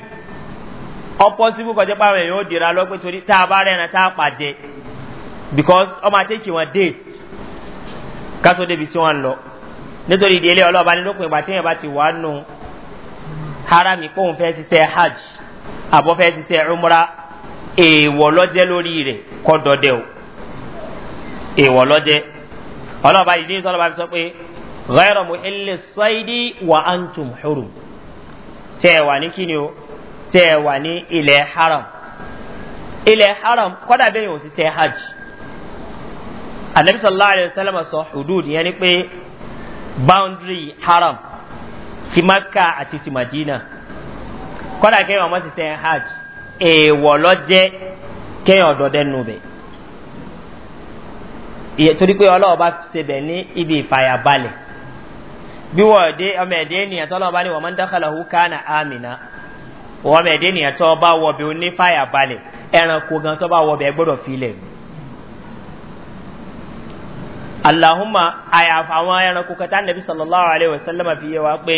ọpọsibu kọjá pàmò èèyàn ó dira lọ́pẹ́ torí tá a bá rẹ̀ náà tá a pàdé because ọmọ àtẹ̀kì wọn days kátó débi tí wọ́n ń lọ nítorí ìdílé ọlọ́ọ̀bá nínú òpin ìgbà tí èèyàn bá ti wà nù. No harami kóun fẹ́ ṣiṣẹ́ hajj àbọ̀ fẹ́ ṣiṣẹ́ umra èèwọ̀ lọ́jẹ́ lórí rẹ̀ kọ́ dọdẹ o èèwọ̀ lọ́jẹ́ ọlọ́ba yìí ní sọ́lọ́ba fi sọ pé ghayra mu ilé sọ́ìdì wà á ń tún xuru tẹ́ ẹ wà ní kíni o tẹ́ ẹ wà ní ilẹ̀ haram ilẹ̀ haram kọ́dà bẹ́ẹ̀ yóò ṣiṣẹ́ hajj anabi sallallahu alayhi wa sallam sọ hudud yẹn ni pé boundary haram ti maka àti ti madina kọ́dà kéèyàn ọmọ sì sẹ́yìn hajj èèwọ̀ lọ́jẹ́ kéèyàn ọ̀dọ́dẹ́ nù bẹ̀ torí pé ọlọ́wọ́ bá ṣebẹ̀ ní ibi ìfàyàbalẹ̀ bí wọ́n dé ọmọ ẹ̀dẹ́ ènìyàn tọ́lọ́ bá ní wọ́n máa ń dákàlà hù kánà àmìnà wọ́n ọmọ ẹ̀dẹ́ ènìyàn tọ́ bá wọ̀ bí ó ní fàyàbalẹ̀ ẹranko gan tọ́ bá wọ̀ bẹ́ẹ̀ gbọ́dọ̀ fi ilẹ̀ mi. Allahumma àyàfà àwọn ẹranko kẹta nàbí sallallahu alayhi wa sallam fi yẹ wa pé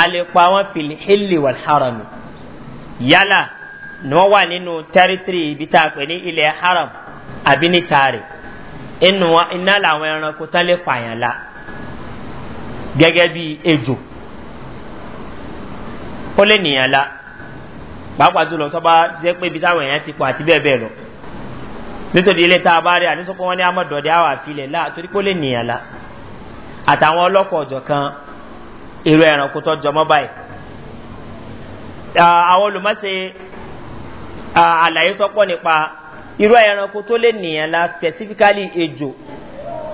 a lè pa wọn fìlì hìlì wà haramu yálà ni wọn wà nínú tẹrítírì ibi tá a pè ní ilẹ̀ haram àbí ní taari inú iná làwọn ẹranko tán lè pààyàn la gẹ́gẹ́ bí ejò ó lè nìyàn la pàápàá jùlọ tó bá jẹ́ pé ibi táwọn èèyàn ti pa àti bẹ́ẹ̀ bẹ́ẹ̀ lọ. nítorí ilé tá a bá rí àníṣe pé wọ́n ní amadu ọ̀dẹ́ àwọn àfilẹ̀ là torí pé lè nìyàn la àtàwọn ọ̀jọ̀ kan èrò ẹ̀rànkú tó jọmọ́ báyìí àwọn olùmọ̀ọ́sẹ̀ àlàyé tó pọ̀ nípa irú ẹ̀rànkú tó lè nìyàn la specifically ejò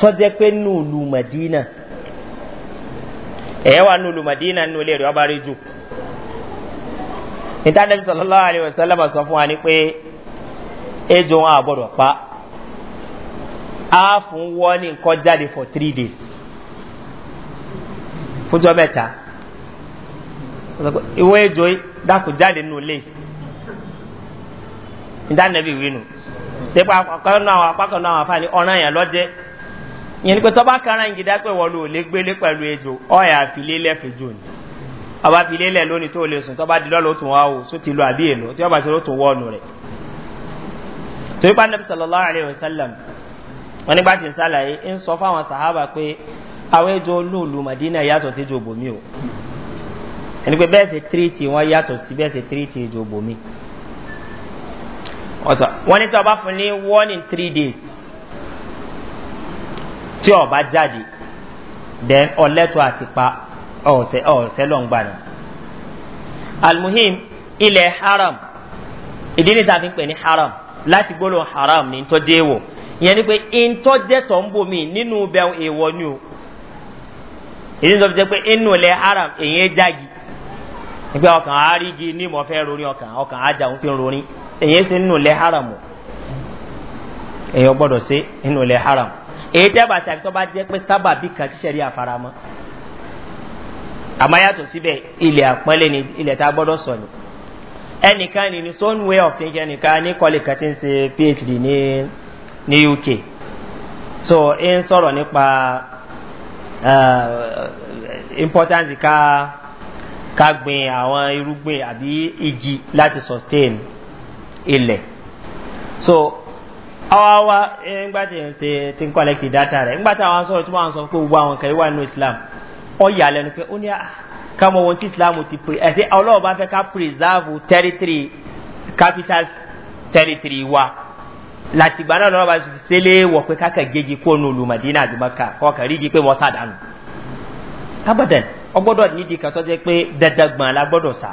tó jẹ́ pé nùlù mọ̀dínà ẹ̀yẹ́ wà nùlù mọ̀dínà nù ilé rẹ̀ ọba rí jù ìtànẹ́bí ejo wọn àgbọ̀dọ̀ pa á fún wọ́ọ̀nì nǹkan jáde for three days fújọ́ mẹ́ta ìwọ ejo dákun jáde nínú ilé ìdánilẹ́bí ìwé nù tẹ́pọ̀ akọ́nà àwọn apákanà àwọn afáàní ọ̀ràn yẹn lọ́jẹ́ ìyẹn ni pé tọ́ba kára ń gidá pé wọ́n lò lè gbélé pẹ̀lú ejò ọ̀yà àfilélẹ̀ fèjò ni ọba àfilélẹ̀ lónìí tó lè sùn tọ́ba dilọ́lọ́ tó wọ́n ti àbí èlò tí ti wọ́ọ̀nù rẹ̀ tó ipa nàbí sọlọ́lá àlẹ́ wasallam wọn nígbà tí ń sàlàyé ń sọ fáwọn sàhábà pé àwọn ẹjọ́ olóòlù màdínà yàtọ̀ sí ìjọ bòmí o ẹni pé bẹ́ẹ̀ ṣe tírìtì wọn yàtọ̀ sí bẹ́ẹ̀ ṣe tírìtì ìjọ bòmí wọ́n ní tí ọba fún ní one in three days tí ọba jáde then ọlẹ́tọ̀ àti pa ọ̀sẹ̀ ọ̀sẹ̀ lọ́ngbà ni almuhim ilẹ̀ haram ìdí ni tàbí pè ní haram. láti gbólóhùn haram ní tọ́jú èèwọ̀ ìyẹn ni pé ìtọ́jẹ́ tọ̀ ń bomi nínú bẹ́ẹ̀ ni o èyí fi jẹ́ pé ilẹ̀ haram èyí jági nígbà ọkàn àárígi ní mo fẹ́ rorí ọkàn ọkàn ajá òun fi rorí èyí haram èyí gbọ́dọ̀ sí nínú ilẹ̀ haram èyí tẹ́ bàtà tó bá jẹ́ pé kan ti àfaramọ́ àmọ́ yàtọ̀ síbẹ̀ ni ilẹ̀ tá a gbọ́dọ̀ ẹnìkan ní his own way of thinking ẹnìkan ní kọ́lé kẹtí ń ṣe phd ní ní uk so ń sọ̀rọ̀ nípa importance ká ká gbin àwọn irúgbìn àbí igi láti sustain ilẹ̀ so àwa wa ńgbà tí n ṣe ti collect data rẹ̀ ńgbà tí àwọn sọ̀rọ̀ tí wọ́n sọ pé gbogbo àwọn kan yìí wà nínú islam ọ̀ yà lẹ́nu pé ó ní à ah, káwọn ohun tí islam ti pre ẹsẹ ọlọ́wọ́ bá fẹ́ ká preserve territory capital territory wa láti gbà náà lọ́wọ́ bá ti sẹ́lẹ̀ wọ̀ pé káka gégi kó nu olùmọ̀dínà àdùmọ̀ká kọ́ọ̀kan rí di pé wọ́n sá dànù. abadan ọgbọ́dọ̀ nídìí kan sọ́jẹ́ pé dandagbọ̀n la gbọ́dọ̀ sá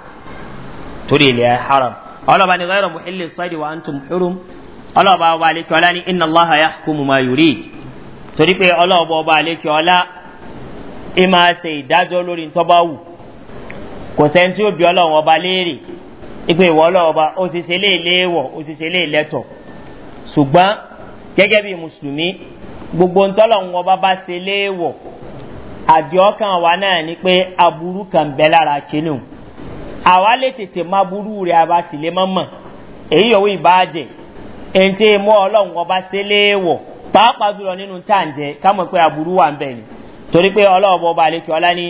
torí ilẹ̀ haram ọlọ́ba ni ghayra muhilli sadi wa antum hurum ọlọ́ba wa aleke ọlá ni inna allah ya hukumu ma yurid torí pé ọlọ́ba ọba aleke ọlá ìmáa ṣe lórí ntọ́ba kò sẹ́ni tí ó bí ọlọ́run ọba léèrè ipe ìwọ ọlọ́run ọba ó ti ṣe léèlé wọ̀ ó ti ṣe léèlé tọ̀ ṣùgbọ́n gẹ́gẹ́ bí mùsùlùmí gbogbo ntọ́lọ́run ọba bá ṣe léèwọ̀ àdìọ́kàn wa náà ni pé aburú kan bẹ́ lára kínú àwa lè tètè má burú rẹ̀ àbá sì lè má mọ̀ èyí yòówù ìbáàjẹ́ èyí mú ọlọ́run ọba ṣe léèwọ̀ pàápàá jùlọ nínú táǹjẹ ká pé aburú wà ń bẹ̀ ni torí pé ọlọ́run ọba àlekè ọlá ni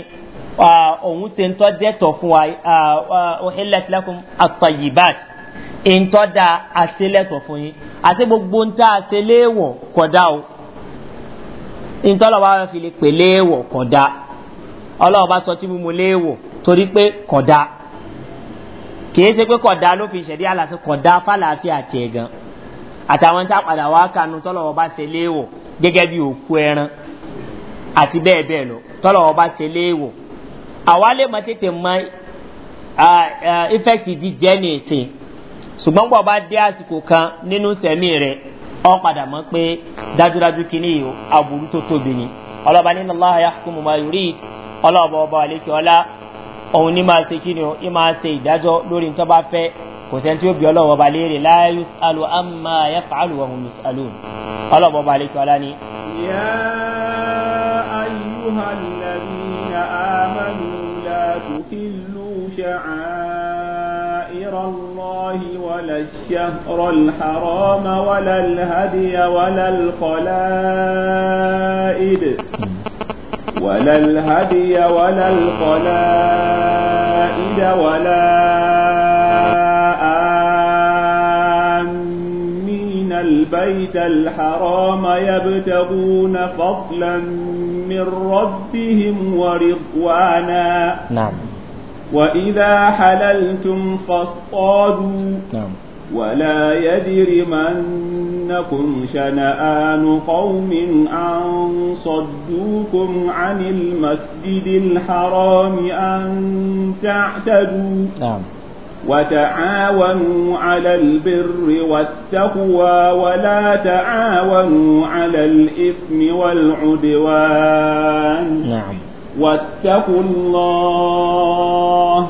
òun ah, ṣe ń tọ́ dẹ́tọ̀ fún wa ọ̀hẹ́lẹ̀ tilẹ̀kùn àtọ̀yìbáàt ń tọ́ da àṣelẹ̀tọ̀ fún yín àti gbogbo ń tá àṣeléèwọ̀ kọ̀dá o ń tọ́ lọ́wọ́ fi lè pè léèwọ̀ kọ̀dá ọlọ́wọ́ bá sọ tí mo mú léèwọ̀ torí pé kọ̀dá kìí ṣe pé kọ̀dá ló fi ṣẹ̀dí àlàsí kọ̀dá fàlàáfíà àti ẹ̀gàn àtàwọn tá a padà wá kanu tọ́lọ́wọ́ bá ṣe léèwọ̀ gẹ́gẹ́ bí òkú ẹran àti bẹ́ẹ̀ bẹ́ẹ̀ lọ tọ́lọ́wọ́ bá ṣe léèwọ̀ awa lè ma tètè mọ effect dị ní ìsìn ṣùgbọ́n pọ̀ bá dé àsìkò kan nínú sẹ́mi rẹ̀ ọ padà mọ́ pé dájúdájú kínní yìí aburú tó tóbi ni ọlọ́ba nínú allah yahukumu mayuri ọlọ́ba ọba àlekè ọlá òun ní máa ṣe kíni o ní máa ṣe ọba léèrè láyé ama ya fàálù wọn hùmí salóònù ọlọ́ba ọba àlekè ọlá ni. تحلوا شعائر الله ولا الشهر الحرام ولا الهدي ولا القلائد ولا الهدي ولا القلائد ولا آمين البيت الحرام يبتغون فضلا من ربهم ورضوانا نعم وإذا حللتم فاصطادوا نعم ولا يجرمنكم شنآن قوم أن صدوكم عن المسجد الحرام أن تعتدوا نعم وتعاونوا على البر والتقوى ولا تعاونوا على الإثم والعدوان نعم فاتقوا الله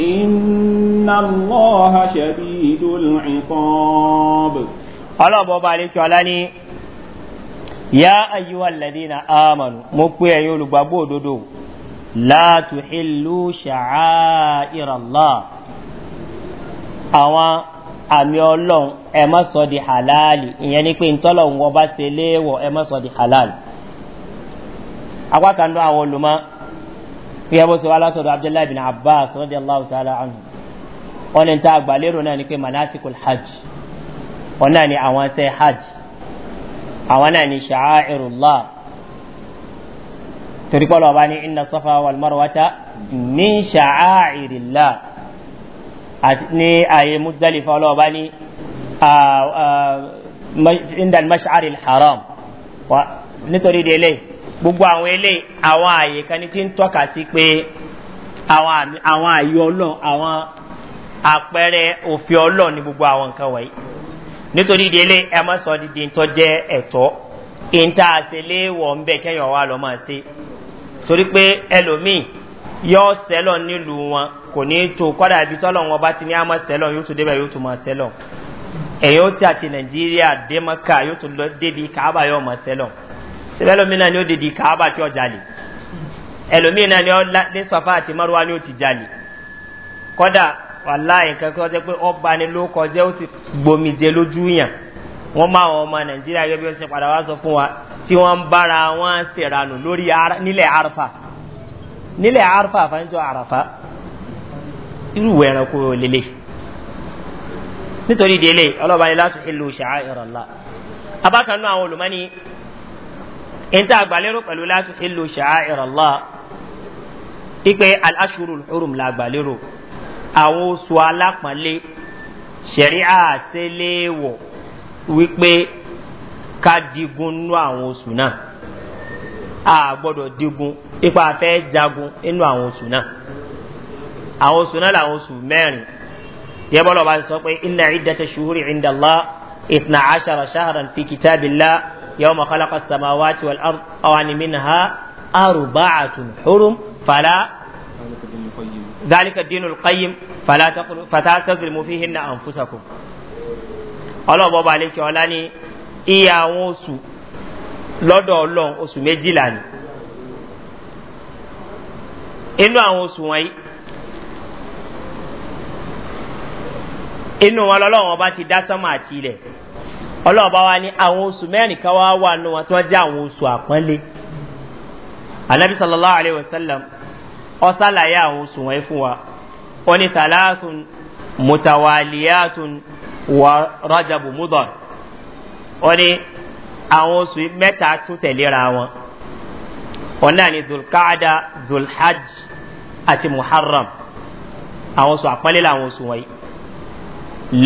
إن الله شديد العقاب الله بابا عليك ولاني يا أيها الذين آمنوا مكوية يولو بابو دودو لا تحلوا شعائر الله àwọn àmì ọlọ́run ẹ má sọ di halali ìyẹn ni pé ntọ́lọ́run wọn bá ṣe ẹ má sọ di halali. apá kan dún àwọn olùmọ́ gẹ́gẹ́ bó ṣe wá látọ̀dọ̀ abdullahi bin abbas rọ́dí allahu ta'ala anhu wọ́n ní ta àgbàlérò náà ni pé manasikul hajj wọ́n náà ni àwọn ṣe hajj àwọn náà ni sha'airullah torí pọ́lọ̀ ọba ní iná sọ́fà wal marwata ní sha'airullah ní ààyè muzdalifa ọlọ́ọ̀bá ní indal mash'aril haram nítorí délé gbogbo àwọn ilé àwọn àyè kan ní ti ń tọ́ka sí pé àwọn àyè ọlọ́run àwọn àpẹẹrẹ òfin ọlọ́run ní gbogbo àwọn nǹkan wọ̀nyí nítorí ìdílé ẹ má sọ dídí tó jẹ́ ẹ̀tọ́ ìta àṣẹlẹ̀ wọ̀ ń bẹ̀ kẹ́yìn ọ̀wá lọ́ máa ṣe torí pé ẹlòmíì yọ sẹ́lọ̀ nílùú wọn kò ní tó kọ́dà ibi tọ́lọ̀ wọn bá ti ní àmọ́ sẹ́lọ̀ yóò tó débẹ̀ yóò tó máa sẹ́lọ̀ ẹ̀yọ́ tí a nàìjíríà dé yóò tó débi káàbà yóò máa sẹ́lọ̀ síbẹ̀ lómi náà ni ó dìdì kàába tí ó jalè ẹlòmíì náà ni ó lé sọfá àti márùwá ni ó ti jalè kọ́dà wàláì kankan jẹ́ pé ọba ni ló kọjá ó sì gbòmìjẹ lójú yàn wọ́n máa wọn ọmọ nàìjíríà gẹ́gẹ́ bí ó ṣe padà wá sọ fún wa tí wọ́n bára wọn ṣèrànù lórí nílẹ̀ arfa nílẹ̀ arfa àfáńjọ́ àràfá irú ẹranko lélẹ̀ nítorí délé ọlọ́ba ni láti ìlú ṣàá ìrọ̀lá abákanú àwọn olùmọ́ni ẹ̀ńtà àgbàlérò pẹ̀lú láti ìlú ṣàáìrànlá ipe aláṣùrù hurum la àgbàlérò àwọn oṣù alápọ̀nlé ṣẹ̀rí àṣẹléèwọ̀ wípé ká digun nú àwọn oṣù náà a gbọ́dọ̀ digun ipa fẹ́ jagun nínú àwọn oṣù náà àwọn oṣù náà làwọn oṣù mẹ́rin yẹ́bọ́lọ́ bá sọ pé iná ìdẹ́tẹ̀ ṣùhúrì ìndàlá ìtìnà àṣàrà ṣáhàrà fi kìtàbí lá يوم خلق السماوات والأرض أوان منها أربعة حرم فلا ذلك الدين القيم فلا تقل فلا تظلموا فيهن أنفسكم ọlọ́run bọ́ba àlekí ọlá ní iye àwọn oṣù lọ́dọ̀ ọlọ́run oṣù méjìlá ni inú àwọn oṣù wọ̀nyí inú wọn lọ́lọ́run ọba ti dá sánmà àti ilẹ̀ ọlọ́ọ̀bá wa ní àwọn oṣù mẹ́rin kan wá wà nù wọn tí wọ́n jẹ́ àwọn oṣù àpọ́nlé anabi sallallahu alayhi wa sallam ọ̀sálàyé àwọn oṣù wọn fún wa ó ní tàlàtún mutawaliyatun wa rajabu mudon ó ní àwọn oṣù mẹ́ta tún tẹ̀léra wọn wọn náà ní zulkaada zulhaj àti muharram àwọn oṣù àpọ́nlé làwọn oṣù wọn yìí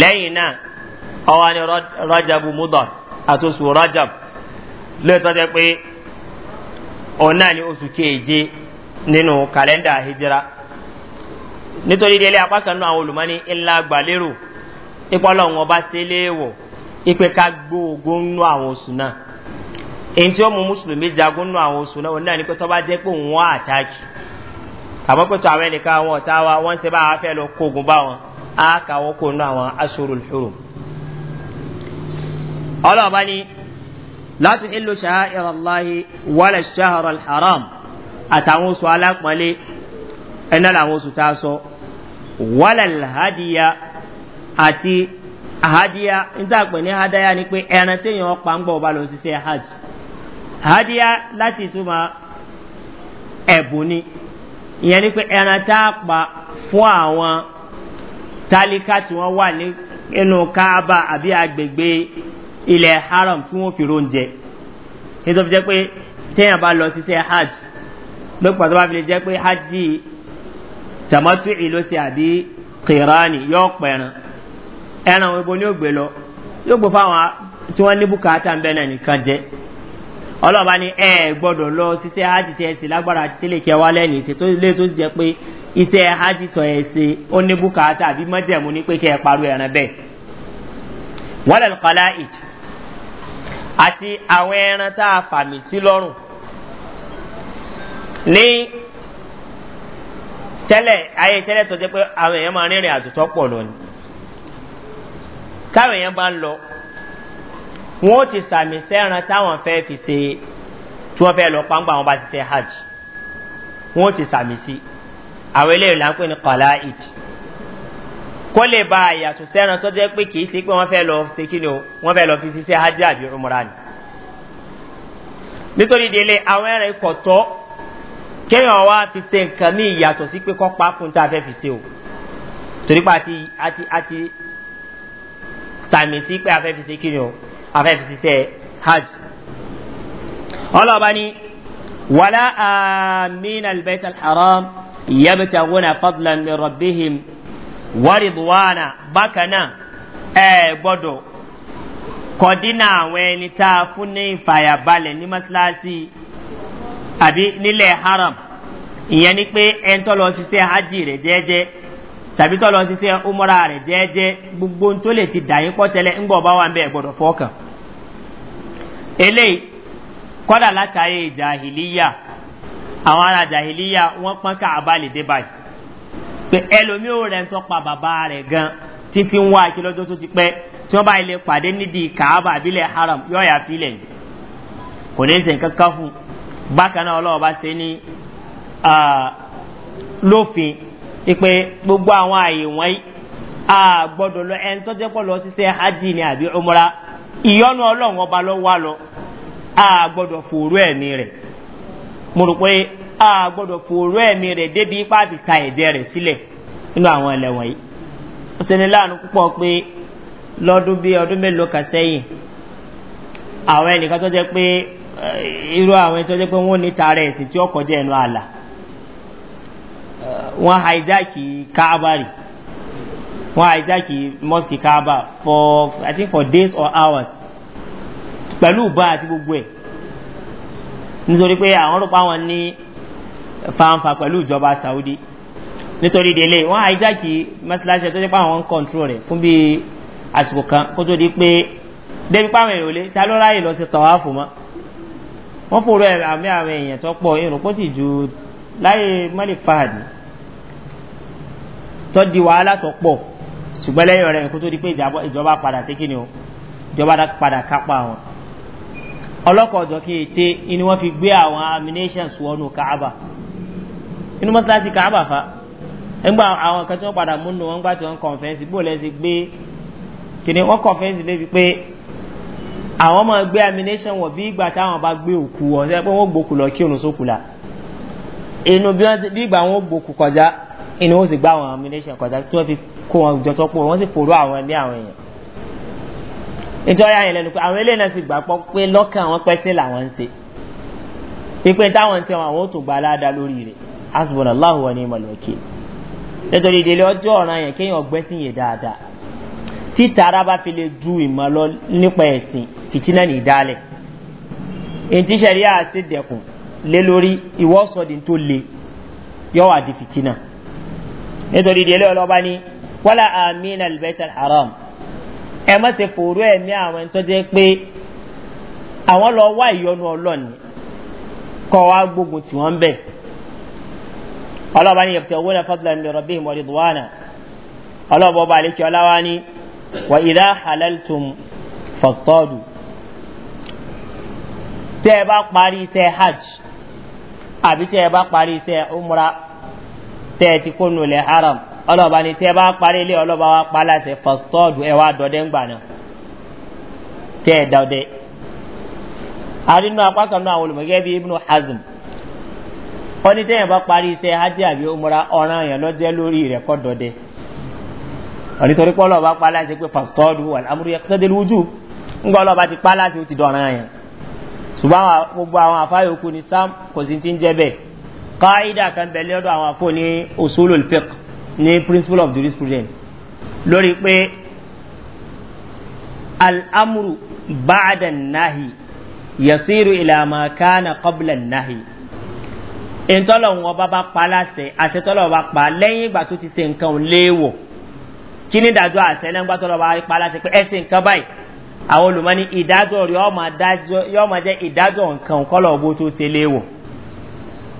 lẹ́yìn náà ọwọ́ ni rajabu mudar àti oṣù rajab lóòótọ́ jẹ́ pé òun náà ni oṣù keje nínú kàlẹ́ndà hijira nítorí délé apá kan náà àwọn olùmọ́ni ńlá gbàlérò ìpọ́lọ̀ wọn bá ṣe léèwọ̀ ìpè ká gbóògùn nú àwọn oṣù náà èyí tí ó mú mùsùlùmí jagun nú àwọn oṣù náà òun náà ni pé tó bá jẹ́ pé òun á àtàkì àmọ́ àwọn ẹnìkan àwọn ọ̀tá wa wọ́n ń ṣe bá wa fẹ́ lọ kógun bá wọn á kà wọ́n kó nú àwọn aṣọ òrùlùfẹ́rùn ọlọ́ọ̀bá ni látún ìlú ṣàhàìrànláhi wàlẹ̀ ṣàhàrọ̀ haram àtàwọn oṣù alápọ̀nlé ẹ̀nà làwọn oṣù tá a sọ wàlẹ̀ hadiya àti hadiya nítàpẹ̀ ní hadaya ni pé ẹran téèyàn pa ń gbọ́ ọba lọ sí ṣe hajj hadiya láti ìtumọ̀ ẹ̀bùn ni ìyẹn ni pé ẹran tá a pa fún àwọn tálíkà tí wọ́n wà nínú káábà àbí agbègbè Ile haram tí wọ́n fi róúnjẹ nítorí wọ́n fi jẹ́ pé téèyàn bá lọ síṣẹ́ hajj lópa tó bá fi lè jẹ́ pé hajj tàmátù ìlú sí àbí kìránì yóò pẹ̀ràn ẹran ni yóò lọ yóò gbé fáwọn tí wọ́n ní bùkátà ń ni ẹ gbọ́dọ̀ lọ sise hajj tẹ́ ẹ lágbára àti tẹ́lẹ̀ kí wá lẹ́nu ìṣe tó lé tó pé iṣẹ́ hajj tọ́ ẹ ṣe ó ní bùkátà àbí mọ́jẹ̀mú ní pé ẹ ẹran àti àwọn ẹran tá a fàmì sí lọ́rùn ní tẹ́lẹ̀ ayé tẹ́lẹ̀ tó jẹ́ pé àwọn èèyàn máa rìnrìn àtútọ́ pọ̀ lọ ni káwọn èèyàn bá ń lọ wọn ó ti sàmì sẹ́ran táwọn fẹ́ fi ṣe tí wọ́n fẹ́ lọ pàǹgbà wọn bá ti ṣe hajj wọn ó ti sàmì sí àwọn eléyìí là ń pè ní kọ́lá ìtì kó lè ba àyàtò sẹ́ran tó jẹ́ pé kìí ṣe pé wọ́n fẹ́ lọ ṣe kí ni o wọ́n fẹ́ lọ fi ṣiṣẹ́ hajj àbí umra ni. nítorí délé àwọn ẹ̀rẹ̀ ikọ̀ tọ́ kéèyàn wá fi ṣe nǹkan ní ìyàtọ̀ sí pé kọ́ pa kún tá a fẹ́ fi ṣe o torí pé àti àti àti tàmì sí pé a fẹ́ fi ṣe kí ni o a fẹ́ fi ṣiṣẹ́ hajj. ọlọ́ọ̀bá ni wàlá àmì nàlbẹ́tàl haram yẹ́bẹ̀tà àfọ́dúnlá mi rọ̀bíhìm. wari bákan náà ẹ gbọ́dọ̀ kọ́dínà àwọn ẹni tá a fún ní ìfàyàbalẹ̀ ní mọ́ṣáláṣí àbí nílẹ̀ haram ìyẹn ni pé ẹn tọ́ lọ ṣiṣẹ́ hajj rẹ̀ tàbí tọ́ lọ ṣiṣẹ́ umra rẹ̀ gbogbo tó lè ti dà yín pọ́ tẹ́lẹ̀ bá wà ń bẹ́ẹ̀ gbọ́dọ̀ fọ́ọ̀kàn. eléyìí kọ́dà jahiliya àwọn ará jahiliya wọ́n pọ́n dé báyìí pé ẹlòmí ò rẹ̀ ń tọ́pa bàbá rẹ̀ gan títí ń wá àti lọ́jọ́ tó ti pẹ́ tí wọ́n bá ilé pàdé nídìí kàába àbílẹ̀ haram yóò yà kò ní í fún bákan náà ọlọ́wọ́ bá ṣe lófin pé gbogbo àwọn àyè a gbọ́dọ̀ lọ ẹni tó jẹ́ pọ̀ lọ hajj ni àbí umra a gbọ́dọ̀ fòrú ẹ̀mí rẹ̀ a gbọ́dọ̀ fòrò ẹ̀mí rẹ̀ débi ipá àti ta ẹ̀jẹ̀ rẹ̀ sílẹ̀ nínú àwọn ẹlẹ̀ wọ̀nyí ó sì ní láàánú púpọ̀ pé lọ́dún bíi ọdún mélòó kan sẹ́yìn àwọn ẹnìkan tó jẹ́ pé eh, irú àwọn ẹni tó jẹ́ pé wọ́n ní tààrà ẹ̀sìn tí ó kọjá ẹnu àlà eh, wọ́n haijaki káàbárì wọ́n haijaki mosque káàbà for i think for days or hours pẹ̀lú ìbá àti gbogbo ẹ̀ nítorí pé àwọn rò pa wọn ní fanfa pẹ̀lú ìjọba saudi nítorí délé wọn àìjákì mẹsàlásì tó ti pa àwọn kọ́ńtrol rẹ̀ fún bíi àsìkò kan kó tó di pé débi páwọn èrò lé ta ló ráyè lọ sí tọ́wá fún mọ́ wọ́n fòrò ẹ̀ àmì àwọn èèyàn tó pọ̀ irun kó sì ju láyé malik fahad tó di wàhálà tó pọ̀ ṣùgbọ́n lẹ́yìn ọ̀rẹ́ kó tó di pé ìjọba padà sí kíni o ìjọba padà kápá wọn ọlọ́kọ̀ ọ̀jọ̀ kí ète ni wọ́n fi gbé àwọn amination wọnú káàbà inú mọ́sálásí kàábà fa nígbà àwọn kan tí wọ́n padà múnú wọn gbà tí wọ́n kọ̀ǹfẹ́ǹsì gbó lẹ́sìn gbé kìnní wọ́n kọ̀ǹfẹ́ǹsì lébi pé àwọn ọmọ gbé amination wọ̀ bí ìgbà táwọn bá gbé òkú wọn ṣe pé wọ́n gbókù lọ kí òun sókù la inú bí ìgbà wọn gbókù kọjá inú wọn sì gbá àwọn amination kọjá tí wọ́n fi kó wọn jọ tọ́pọ̀ wọ́n sì fòrò àwọn ilé àwọn èèyàn nítorí àyẹ̀lẹ̀ ni pé àwọn eléyìí náà sì gbà pọ́ pé lọ́kàn àwọn pẹ́sẹ́ làwọn ń ṣe pípẹ́ táwọn ń tẹ̀wọ̀n àwọn ò tó gba aládàá lórí rẹ̀ asbunallahu wa ni'mal wakil nítorí ìdílé ọjọ́ ọ̀ràn yẹn kéèyàn ọgbẹ́sìn yẹn dáadáa tí tara bá fi lè ju ìmọ̀ lọ nípa ẹ̀sìn fìtínà ní ìdálẹ̀ ètí sẹ̀ríà ṣe dẹ̀kùn lé lórí ìwọ́sọ̀dì tó le yọ wà di fìtínà nítorí ìdílé ọlọ́ba ní wàlà amin albaitan haram ẹ má ṣe fòrò ẹ̀mí àwọn ẹni tó jẹ́ pé àwọn lọ wá ìyọnu ọlọ́ni kọ́ wa gbógun tí wọ́n bẹ̀ẹ́ ọlọ́ọ̀bá ni yẹ̀bùtẹ̀wọ́n fadlan mi rọ̀bí mọ̀ ridwana ọlọ́ọ̀bá ọba àlekí ọláwá ni wà ìdá halaltum fastọ́dù tẹ́ ẹ bá parí tẹ́ hajj àbí tẹ́ ẹ bá parí tẹ́ umra tẹ́ ẹ ti kó nulẹ̀ haram ọlọ́ọ̀bá ni tẹ́ bá parí ilé ọlọ́ọ̀bá wa pa láti fastọ́dù ẹ wá dọ̀dẹ́ ńgbà náà tẹ́ ẹ àdínú apá àwọn olùmọ̀gẹ́ bíi ibnu hazm wọ́n ní tẹ́yìn bá parí iṣẹ́ hajj àbí umra ọ̀ràn èèyàn lọ́jẹ́ lórí rẹ̀ kọ́ dọ̀dẹ̀ wọ́n ní torí pé ọlọ́ọ̀bá pa láti pé pàṣítọ́ọ̀dù alámúrú yẹtẹ́dẹ́ lójú ńgbà ọlọ́ọ̀bá ti pa láti ó ti dọ̀ràn èèyàn ṣùgbọ́n gbogbo àwọn àfáà yòókù ní sam kò sí ti ń jẹ́ bẹ́ẹ̀ káàídà kan bẹ̀ lọ́dọ̀ àwọn àfọ ní òṣòlò fẹ́k ní principle of jurisprudence lórí pé alámúrú báàdàn náhì yasiru ìlàmà kánà kọ́bùlàn náhì ntọ́lọ̀ wọn bá ba pa láṣẹ àṣẹ tọ́lọ̀ bá pa lẹ́yìn ìgbà tó ti se nkan ò léèwọ̀ kí ní ìdájọ́ àṣẹ lẹ́yìn ìgbà tọ́lọ̀ àwọn ìdájọ́ jẹ́ ìdájọ́ tó ṣe léèwọ̀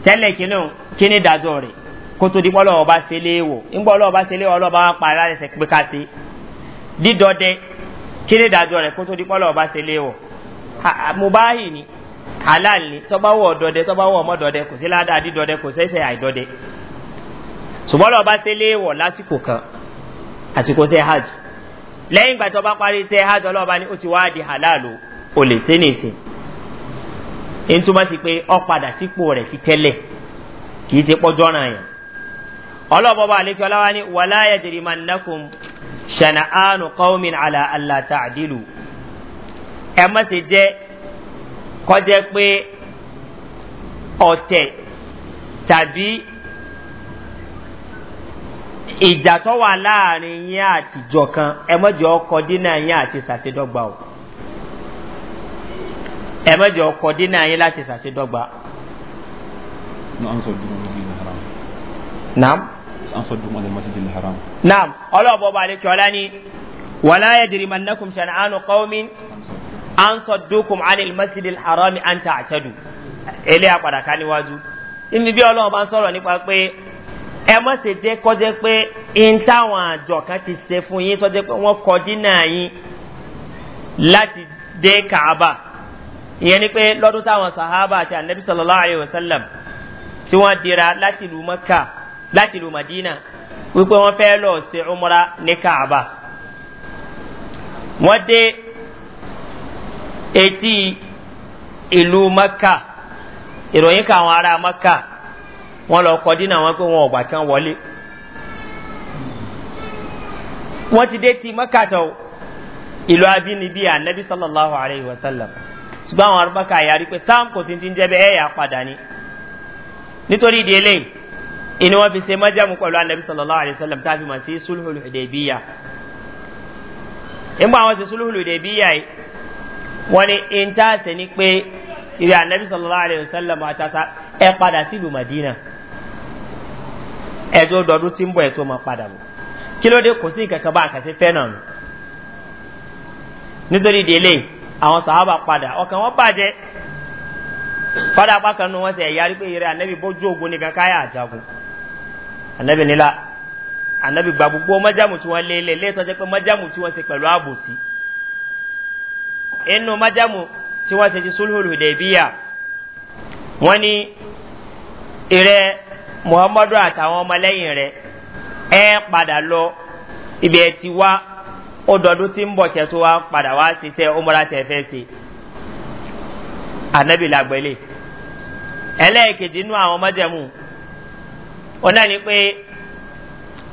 tẹ́lẹ̀ kínú kí ní ìdájọ́ rẹ̀ kó tó dípọ́ se bá ṣe léèwọ̀ ńgbọ́ lọ́wọ́ bá ṣe léèwọ̀ lọ́wọ́ bá pa pé ni halal ni tọ́ba wọ̀ dọ́dẹ tọ́ba wọ̀ ọmọ dọ́dẹ kò sí ládàá dí dọ́dẹ kò sẹ́sẹ̀ àìdọ́dẹ ṣùgbọ́n lọ́ọ́ bá tẹ́lẹ̀ wọ̀ lásìkò kan àsìkò tẹ́ hajj lẹ́yìn ìgbà tọ́ba parí tẹ́ hajj ọlọ́ọ̀bá ni ó ti wáá di halal o lè ṣe ní ìsìn ń túmọ̀ sí pé ọ padà sípò rẹ̀ fi tẹ́lẹ̀ kì í ṣe pọ́jọ́ náà yẹn ọlọ́ọ̀bọ̀bọ̀ àlekẹ́ ọlọ́wà ni wàláyà jẹ̀rìmánnákùn ṣànàánù kọ́ọ̀mìn àlà àlàtà àdìlù ẹ̀ mọ̀ sí jẹ́ kọjá pé ọ̀tẹ̀ tàbí ìjà tó wà láàrin yín àtijọ́ kan ẹ mọ́jọ́ ọkọ̀ dínà yín àti sàṣedọ́gba o ẹ mọ́jọ́ ọkọ̀ dínà yín láti sàṣedọ́gba. naam naam ọlọ́ọ̀bọ̀ bá a lè kí ọlá ni wàlá yẹ dìrìmọ̀ nẹ́kùn ṣàǹánú kọ́ọ́mí an sọdúnkùn anil masjidil haram an ta àtẹ́dù ilé àpàdà ká níwájú níbi bí ọlọ́run bá ń sọ̀rọ̀ nípa pé ẹ mọ̀ sí jẹ́ kọjẹ́ pé in táwọn àjọ kan ti ṣe fún yín tọ́jẹ́ pé wọ́n kọ dínà yín láti dé kaaba ìyẹn ni pé lọ́dún táwọn sahaba àti anabi sallallahu alayhi wa sallam tí dira láti lu maka láti lu madina wípé wọ́n fẹ́ lọ sí umra ní kaaba wọ́n dé etí ilu maka ìròyìn kan àwọn ará mẹ́kà wọ́n lọ kọ́ dínà wọn pé wọn ò gbà kán wọlé wọ́n ti dé ti mẹ́kà tó ìlú abínibí anabi sallallahu alayhi wa sallam ṣùgbọ́n àwọn arúgbákà yàrí pé sam kò sí ti ń jẹ́ bẹ́ẹ̀ ẹ̀yà padà ni nítorí ìdí eléyìí ìní wọn fi ṣe májàmú pẹ̀lú anabi sallallahu alayhi wa sallam tá a fi mọ̀ sí sulhul hudebiya. ìgbà wọn ti sulhul hudebiya yìí wọ́n ní intaase ni pé ìrìn anabi sallallahu alayhi wa sallam àtàtà ẹ padà sílùú madina ẹjọ́ dọdún tí ń bọ̀ ẹ̀tọ́ máa padà bọ̀ kí ló dé kò sí nǹkan kan bá àkàtì fẹ́ràn nù nítorí délé àwọn sàábà padà ọkàn wọn bàjẹ́ padà apákan nu wọn sì ẹ̀yà rí pé ìrìn anabi bójú ogun nìkan káyà àjagun anabi nílá anabi gbà gbogbo mọ́jàmù tí wọ́n lé lé lẹ́tọ́jẹ́ pé mọ́jàmù tí wọ́n ti pẹ̀lú àbòsí. Si ẹnu májàmù si wọ́n ti ti sulhul hudaybiya wọ́n ní ìrẹ muhammadu àtàwọn ọmọlẹ́yìn rẹ ẹ padà lọ ibi ẹ ti wá ọdọọdún tí ń bọ̀ tẹ tó wá padà wá ṣiṣẹ́ ọmọlá tẹ fẹ́ ṣe anabi làgbẹ́lẹ̀ ẹlẹ́ẹ̀kejì inú àwọn májàmù ọ̀nà ni pé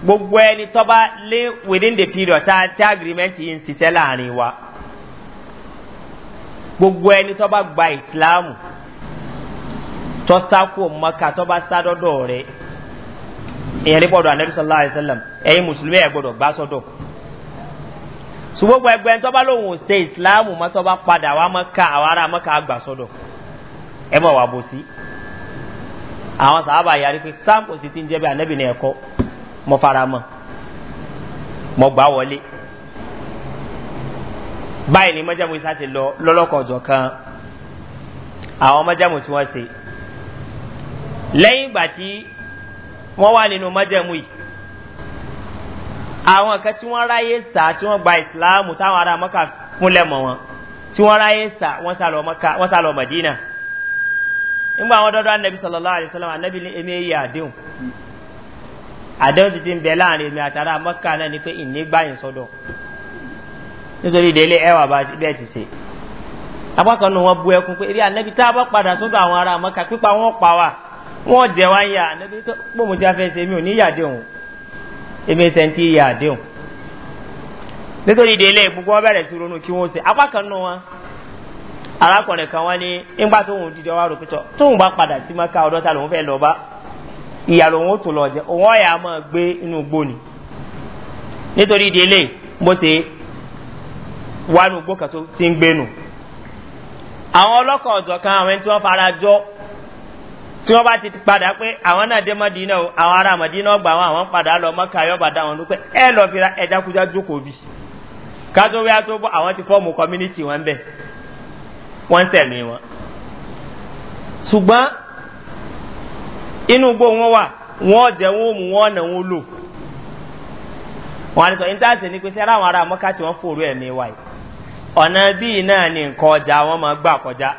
gbogbo ẹni tọ́ba lé within the period tá a ti agreement yìí ń ṣiṣẹ́ láàrin wa. gbogbo ẹni tó bá gba ìsìláàmù tó sáko maka tó bá sá dọ́dọ̀ rẹ̀ èyàn ní gbọ́dọ̀ anabi sallallahu alayhi wa sallam ẹ̀yin mùsùlùmí ẹ̀ gbọ́dọ̀ gbá sọ́dọ̀ ṣùgbọ́n gbogbo ẹgbẹ́ tó bá lòun ò ṣe ìsìláàmù mọ́ tó bá padà wá maka àwọn ará maka gbà sọ́dọ̀ ẹ mọ̀ wá bò sí àwọn sàábà yàrá pé sam kò sì ti ń jẹ́ bí anabi ẹ̀kọ́ mo fara mọ́ mo gbá wọlé báyìí ni mọ́jàmù isa ti lọ lọ́lọ́kọ̀ọ́jọ̀ kan àwọn mọ́jàmù tí wọ́n ṣe lẹ́yìn ìgbà tí wọ́n wà nínú mọ́jàmù yìí àwọn kan tí wọ́n ráyè sá tí wọ́n gba ìsìláàmù táwọn ará mọ́kà fúnlẹ̀ mọ́ wọn tí wọ́n ráyè sá wọ́n sá lọ mọ̀dínà nígbà àwọn dọ́dọ́ anabi sallallahu alayhi wa sallam anabi ní èmi èyí àdéhùn àdéhùn ti ti ń bẹ láàrin èmi àtàrà mọ́kà náà ni pé ìnígbà yìí sọ́dọ̀ nítorí délé ẹwà bí ẹ ti ṣe apákan nù wọn bu ẹkún pé eré anabi tá a bá padà sódò àwọn ará mọ́ka pípa wọn pa wá wọn jẹ wá yà anabi tó pòmù tí a fẹ́ ṣe mi ò ní yà déhùn èmi ṣe ń ti yà déhùn nítorí délé gbogbo wọn bẹ̀rẹ̀ sí ronú kí wọ́n ṣe apákan nù wọn arákùnrin kan wọn ní ńgbà tóun dídí ọwọ́ àròpítọ́ tóun bá padà sí mọ́ká ọdọ́ta lòun fẹ́ lọ bá ìyà lòun ó tó lọ jẹ òun ọ̀yà máa gbé inú gbóni nítorí délé bó ṣe wà ní ògbó kan tó ti ń gbénu àwọn ọlọ́kọ̀ ọ̀jọ̀ kan àwọn ẹni tí wọ́n fara jọ tí wọ́n bá ti padà pé àwọn náà dé mọ́dínà o àwọn ará mọ́dínà ọgbà wọn àwọn padà lọ mọ́ka yọba dá wọn lópẹ́ ẹ lọ fi ra ẹja kújá jókòó bì kájọ wíyá tó bọ́ àwọn ti fọ́ọ̀mù community wọn bẹ̀ wọ́n ń tẹ̀lé wọn. ṣùgbọ́n inú gbó wọn wà wọ́n jẹ́ wọn ò mú wọn nà wọn lò. wọ́n á ní sọ ní táàsì ní pé sẹ́ra àwọn ará mọ́ká tí wọ́n fòrò ẹ̀mí wáyé ọ̀nà bíi náà ni nǹkan ọjà wọn máa gbà kọjá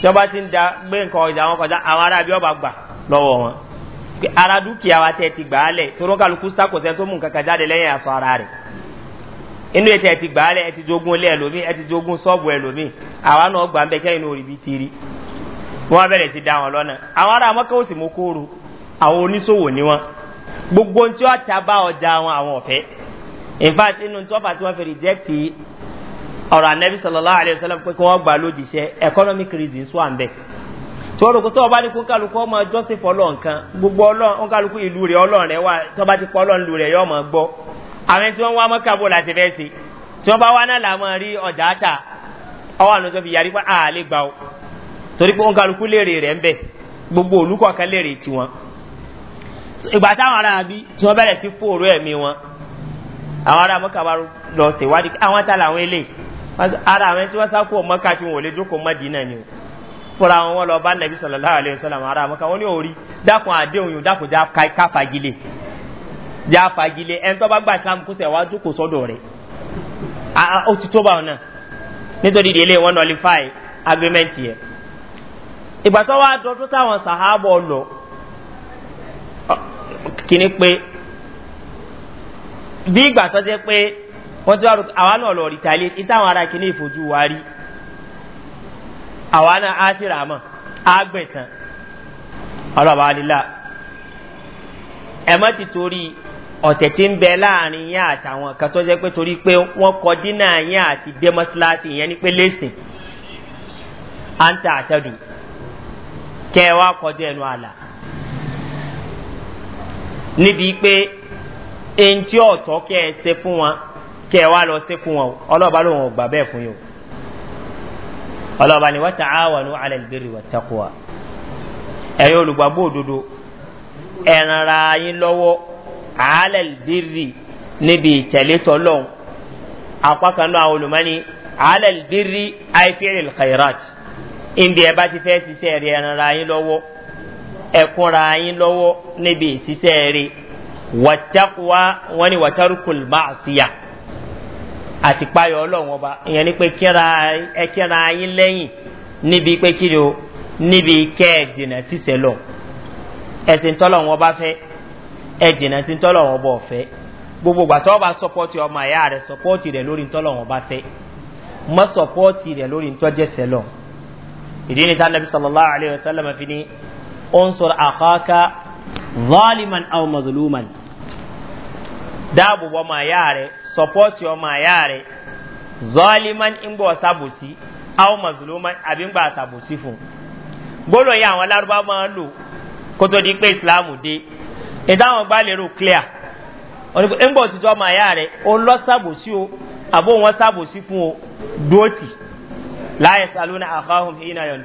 tí wọ́n bá ti ń da gbé nǹkan ọjà wọn kọjá àwọn ará bí ọba gbà lọ́wọ́ wọn ara dúkìá wa tẹ̀ ti gbà á lẹ̀ torọ́ kálukú sákòsẹ́ tó mú nǹkan kan jáde lẹ́yìn aṣọ ara rẹ̀ inú ètò ẹ ti gbà á ti jogún ilé ẹlòmí ẹ ti jogún sọ́ọ̀bù ẹlòmí àwa náà gbà ń bẹ kẹ́yìn orí bíi tiri wọ́n bẹ̀rẹ̀ sí da wọn lọ́nà àwọn ará mọ́kẹ́ ó sì mú kóoru àwọn oníṣòwò ni wọn gbogbo tí wọ́n ta bá ọjà wọn àwọn ọ̀fẹ́ in fact inú tí wọ́n fà tí wọ́n fi reject ọ̀rọ̀ anabi sallallahu alayhi wa sallam pé kí wọ́n gbà lójijì economic reasons wà ń bẹ̀ tí wọ́n rò pé tó o bá ní kó kálukú ọmọ jọ́sìn fọlọ́ nǹkan gbogbo ọlọ́run kálukú ìlú rẹ̀ ọlọ́run rẹ̀ wà tó bá ti pọ̀ ọlọ́run lù rẹ̀ yọ ọmọ gbọ́ àwọn tí wọ́n wá mọ́kàbọ̀ láti fẹ́ ṣe tí wọ́n bá wá náà làwọn rí ọjà àtà ọwọ́ àná tó fi yarí pé ará bí tí sí fòrò àwọn ará làwọn eléyìí ara àwọn tí wọ́n sá kú ọmọ káàkiri wọn ò lè jókòó ni o fúnra wọn wọn lọ bá nàbí sọlọ́lá àlẹ́ sọlọ́mọ ara àmọ́ká wọn ní òórí dákun àdéhùn yìí dákun já ká já fagilé ẹni tó bá gbà wá jókòó ó ti tó bá wọn náà nítorí ìdílé wọn nọlifáì ìgbà tó wá wọ́n ti wá rò náà lọ retaliate ní táwọn ará kìíní ìfojú wa rí àwa náà á sì rà á ọlọ́ba ti torí ọ̀tẹ̀ tí ń bẹ láàrin yẹn àtàwọn kan tó jẹ́ pé torí pé wọ́n kọ dínà yẹn àti dẹ́mọ́síláàsì yẹn ní pé lẹ́sìn à ń ta kẹ́ ẹ wá kọjú ẹnu àlà níbi pé ọ̀tọ̀ kẹ́ ẹ ṣe fún wọn. kẹ ẹ wá lọ sẹ́kù wọn ọlọ́ọ̀bá lòun ò gbà bẹ́ẹ̀ fún yìí o ọlọ́ọ̀bá ni wọ́n ta àwọn alẹ́ ìbéèrè wọ́n tẹ́kù wa ẹ̀yin olùgbàgbọ́ òdodo ẹ̀rànra yín lọ́wọ́ alẹ́ ìbéèrè níbi ìtẹ̀lé tọ́lọ́hún apákanú àwọn olùmọ́ni alẹ́ ìbéèrè àìfẹ́rẹ́ ìkàyẹ̀rát ìbí ẹ bá ti fẹ́ ṣiṣẹ́ rẹ̀ ẹ̀rànra yín lọ́wọ́ ẹ̀kúnra yín lọ́wọ́ níbi ìṣiṣẹ́ rẹ̀ wọ́n tẹ́kù wa wọ́n ni wọ́n tẹ́rù máa ṣíyà àti payọ̀ ọlọ́run ọba ìyẹn ni pé ẹ kíra yín lẹ́yìn níbi pé kí ni o níbi kẹ́ ẹ dènà sísẹ lọ ẹ̀sìn tọ́lọ́run ọba fẹ́ ẹ dènà sí tọ́lọ́run ọba ọ̀fẹ́ gbogbo gbàtọ́ ọba sọpọ́tì ọmọ ẹ̀yà rẹ̀ sọpọ́tì rẹ̀ lórí tọ́lọ́run ọba fẹ́ mọ́ sọpọ́tì rẹ̀ lórí tọ́jẹ́sẹ̀ lọ ìdí ni tánàbí sallallahu alayhi wa sallam fi ni ó ń sọ̀rọ̀ àkọ́kọ́ zaliman aw mazluman sọpọ́tì ọmọ àyá rẹ̀ zọ́ọ́límán ńgbọ́ sábòsí àwọn mùsùlùmán àbí ńgbà sábòsí fún un gbọ́dọ̀ yẹ àwọn alárúbá máa ń lò kó tó di E ìsìláàmù dé ìdáhùn gbá lérò clear ńgbọ́ títí ọmọ àyá rẹ̀ ó lọ sábòsí o abo wọn sábòsí fún o dóòtì láyé sàlónà àkàhùn ìnáyọ̀ ń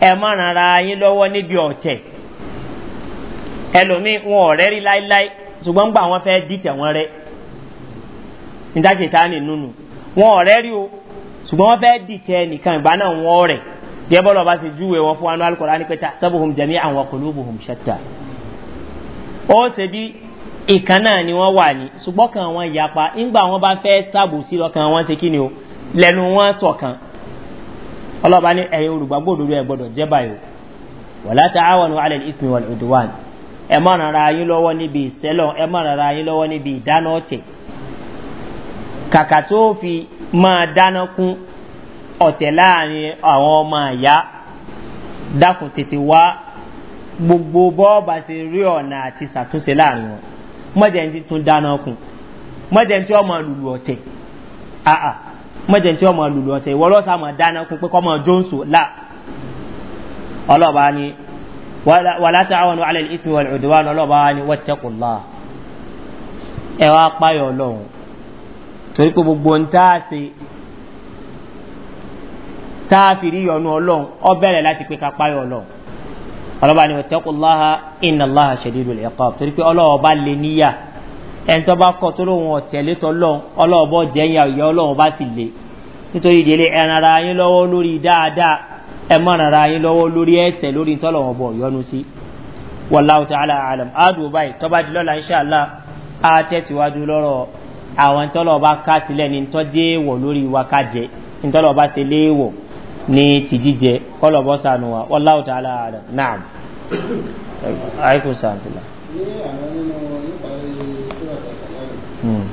ẹ má rara yín lọ́wọ́ níbi ọ̀tẹ̀ ẹlòmíì wọn ọ̀rẹ́ lai, láíláí ṣùgbọ́n gbà wọn fẹ́ dìtẹ̀ wọn rẹ nítaṣe tá ní wọn ọrịa rí o ṣùgbọ́n wọn fẹ́ dìtẹ̀ nìkan ìgbà náà wọn ọ̀rẹ́ díẹ̀ bọ́lọ̀ ṣe júwe wọn fún anú alukọ̀rọ̀ pẹ́ta sábò hom àwọn hom ó ṣe bí ìkan náà ni wọ́n wà ní ṣùgbọ́n kan wọn bá fẹ́ sábò sí ṣe kí ọlọ́ba ní ẹ̀yin olùgbàgbọ́ òdodo gbọ́dọ̀ jẹ́ báyìí wọ̀lá ta àwọn alẹ́ ìfún wọn ìdúwàn ẹ má rara yín lọ́wọ́ níbi ìsẹ́lọ̀ ẹ má rara yín lọ́wọ́ níbi ìdáná ọ̀tẹ̀ kàkà tó fi máa dáná kún ọ̀tẹ̀ láàrin àwọn ọmọ àyá dákun tètè wá gbogbo bọ́ọ̀bà rí ọ̀nà àti ṣàtúnṣe láàrin wọn ń tún dáná ọmọ lùlù ọ̀tẹ̀ mọ̀jẹ̀ tí wọ́n mọ̀ lùlù ọ̀tẹ̀ ìwọ lọ́sà mọ̀ dáná kún pé kọ́mọ jónsù là ọlọ́ba ni wàlá tí àwọn ọ̀nà alẹ́ ìfì wọ̀lẹ̀ òdìwà ọlọ́ba ni wọ́n tẹ́kù là ẹ wá páyọ̀ ọlọ́run torí pé gbogbo ń tá a ṣe tá a fi rí ìyọnu ọlọ́run ọ bẹ̀rẹ̀ láti pé ká páyọ̀ ọlọ́run ọlọ́ba ni wọ́n tẹ́kù là ìnà là ṣèdílù lẹ́kọ̀ọ́ torí pé ọlọ́ọ̀ba ẹ̀ńtọ́ bá kọ́ tó lóun ọ̀tẹ̀lé tọ́lọ́n ọlọ́ọ̀bọ jẹ́yà ìyá ọlọ́run bá sì le nítorí ìdílé ẹran ara yín lọ́wọ́ lórí dáadáa ẹ mọ́ran ara yín lọ́wọ́ lórí ẹ̀sẹ̀ lórí tọ́lọ́wọ́n bọ̀ yọnu sí. wàláwù tí ala àlàm àdùn báyìí tọ́ba di lọ́la ṣáàlá á tẹ̀síwájú lọ́rọ̀ àwọn tọ́lọ́ọ̀bá ká sílẹ̀ ní tọ́jẹ́wọ̀ lórí wa ká jẹ ní ṣe léèwọ̀ ní tìjíjẹ kọ́lọ̀bọ́ sànù wa wàláwù tí ala àlàm náà àìkú sàǹtìlá.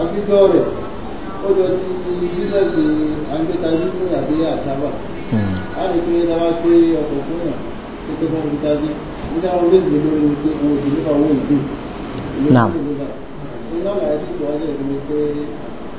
àfijọ́ rẹ̀ ó jọ ti bílẹ̀sì àgbétajú fún àbí àtàbà a lè fi dáwà pé ọkọ̀ fún yàn tó tó fún ìtajú nígbà wọn lè dìbò lórí pé wọn ò dìbò àwọn ìlú ìlú ìlú ìlú ìlú ìlú ìlú ìlú ìlú ìlú ìlú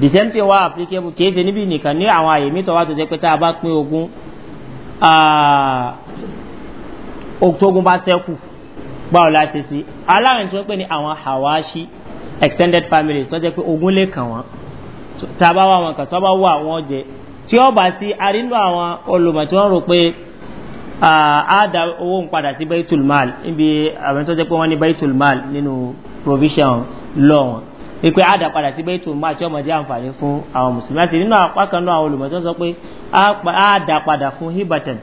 the wa thing wá applicable kì í ṣe níbi nìkan ní àwọn àyè mítọ̀ wá tó jẹ́ pé a bá pín ogun octogun bá tẹ́kù báwo la ṣe sí aláàrin tí wọ́n ní àwọn hawashi extended family tó jẹ́ pé ogun lè kàn wọ́n tá a bá wà wọn kàn tó bá wà wọn jẹ tí ó bá sí arínú àwọn olùmọ̀ tí wọ́n rò pé á da owó ń padà sí baitul mal níbi àwọn tó jẹ́ pé wọ́n ní baitul mal nínú provision lọ́wọ́n. pé àdá padà sí bẹ́ẹ̀ tó máa tí ọmọdé àǹfààní fún àwọn mùsùlùmí àti nínú apá àwọn olùmọ̀tò sọ pé àdá padà fún hibatan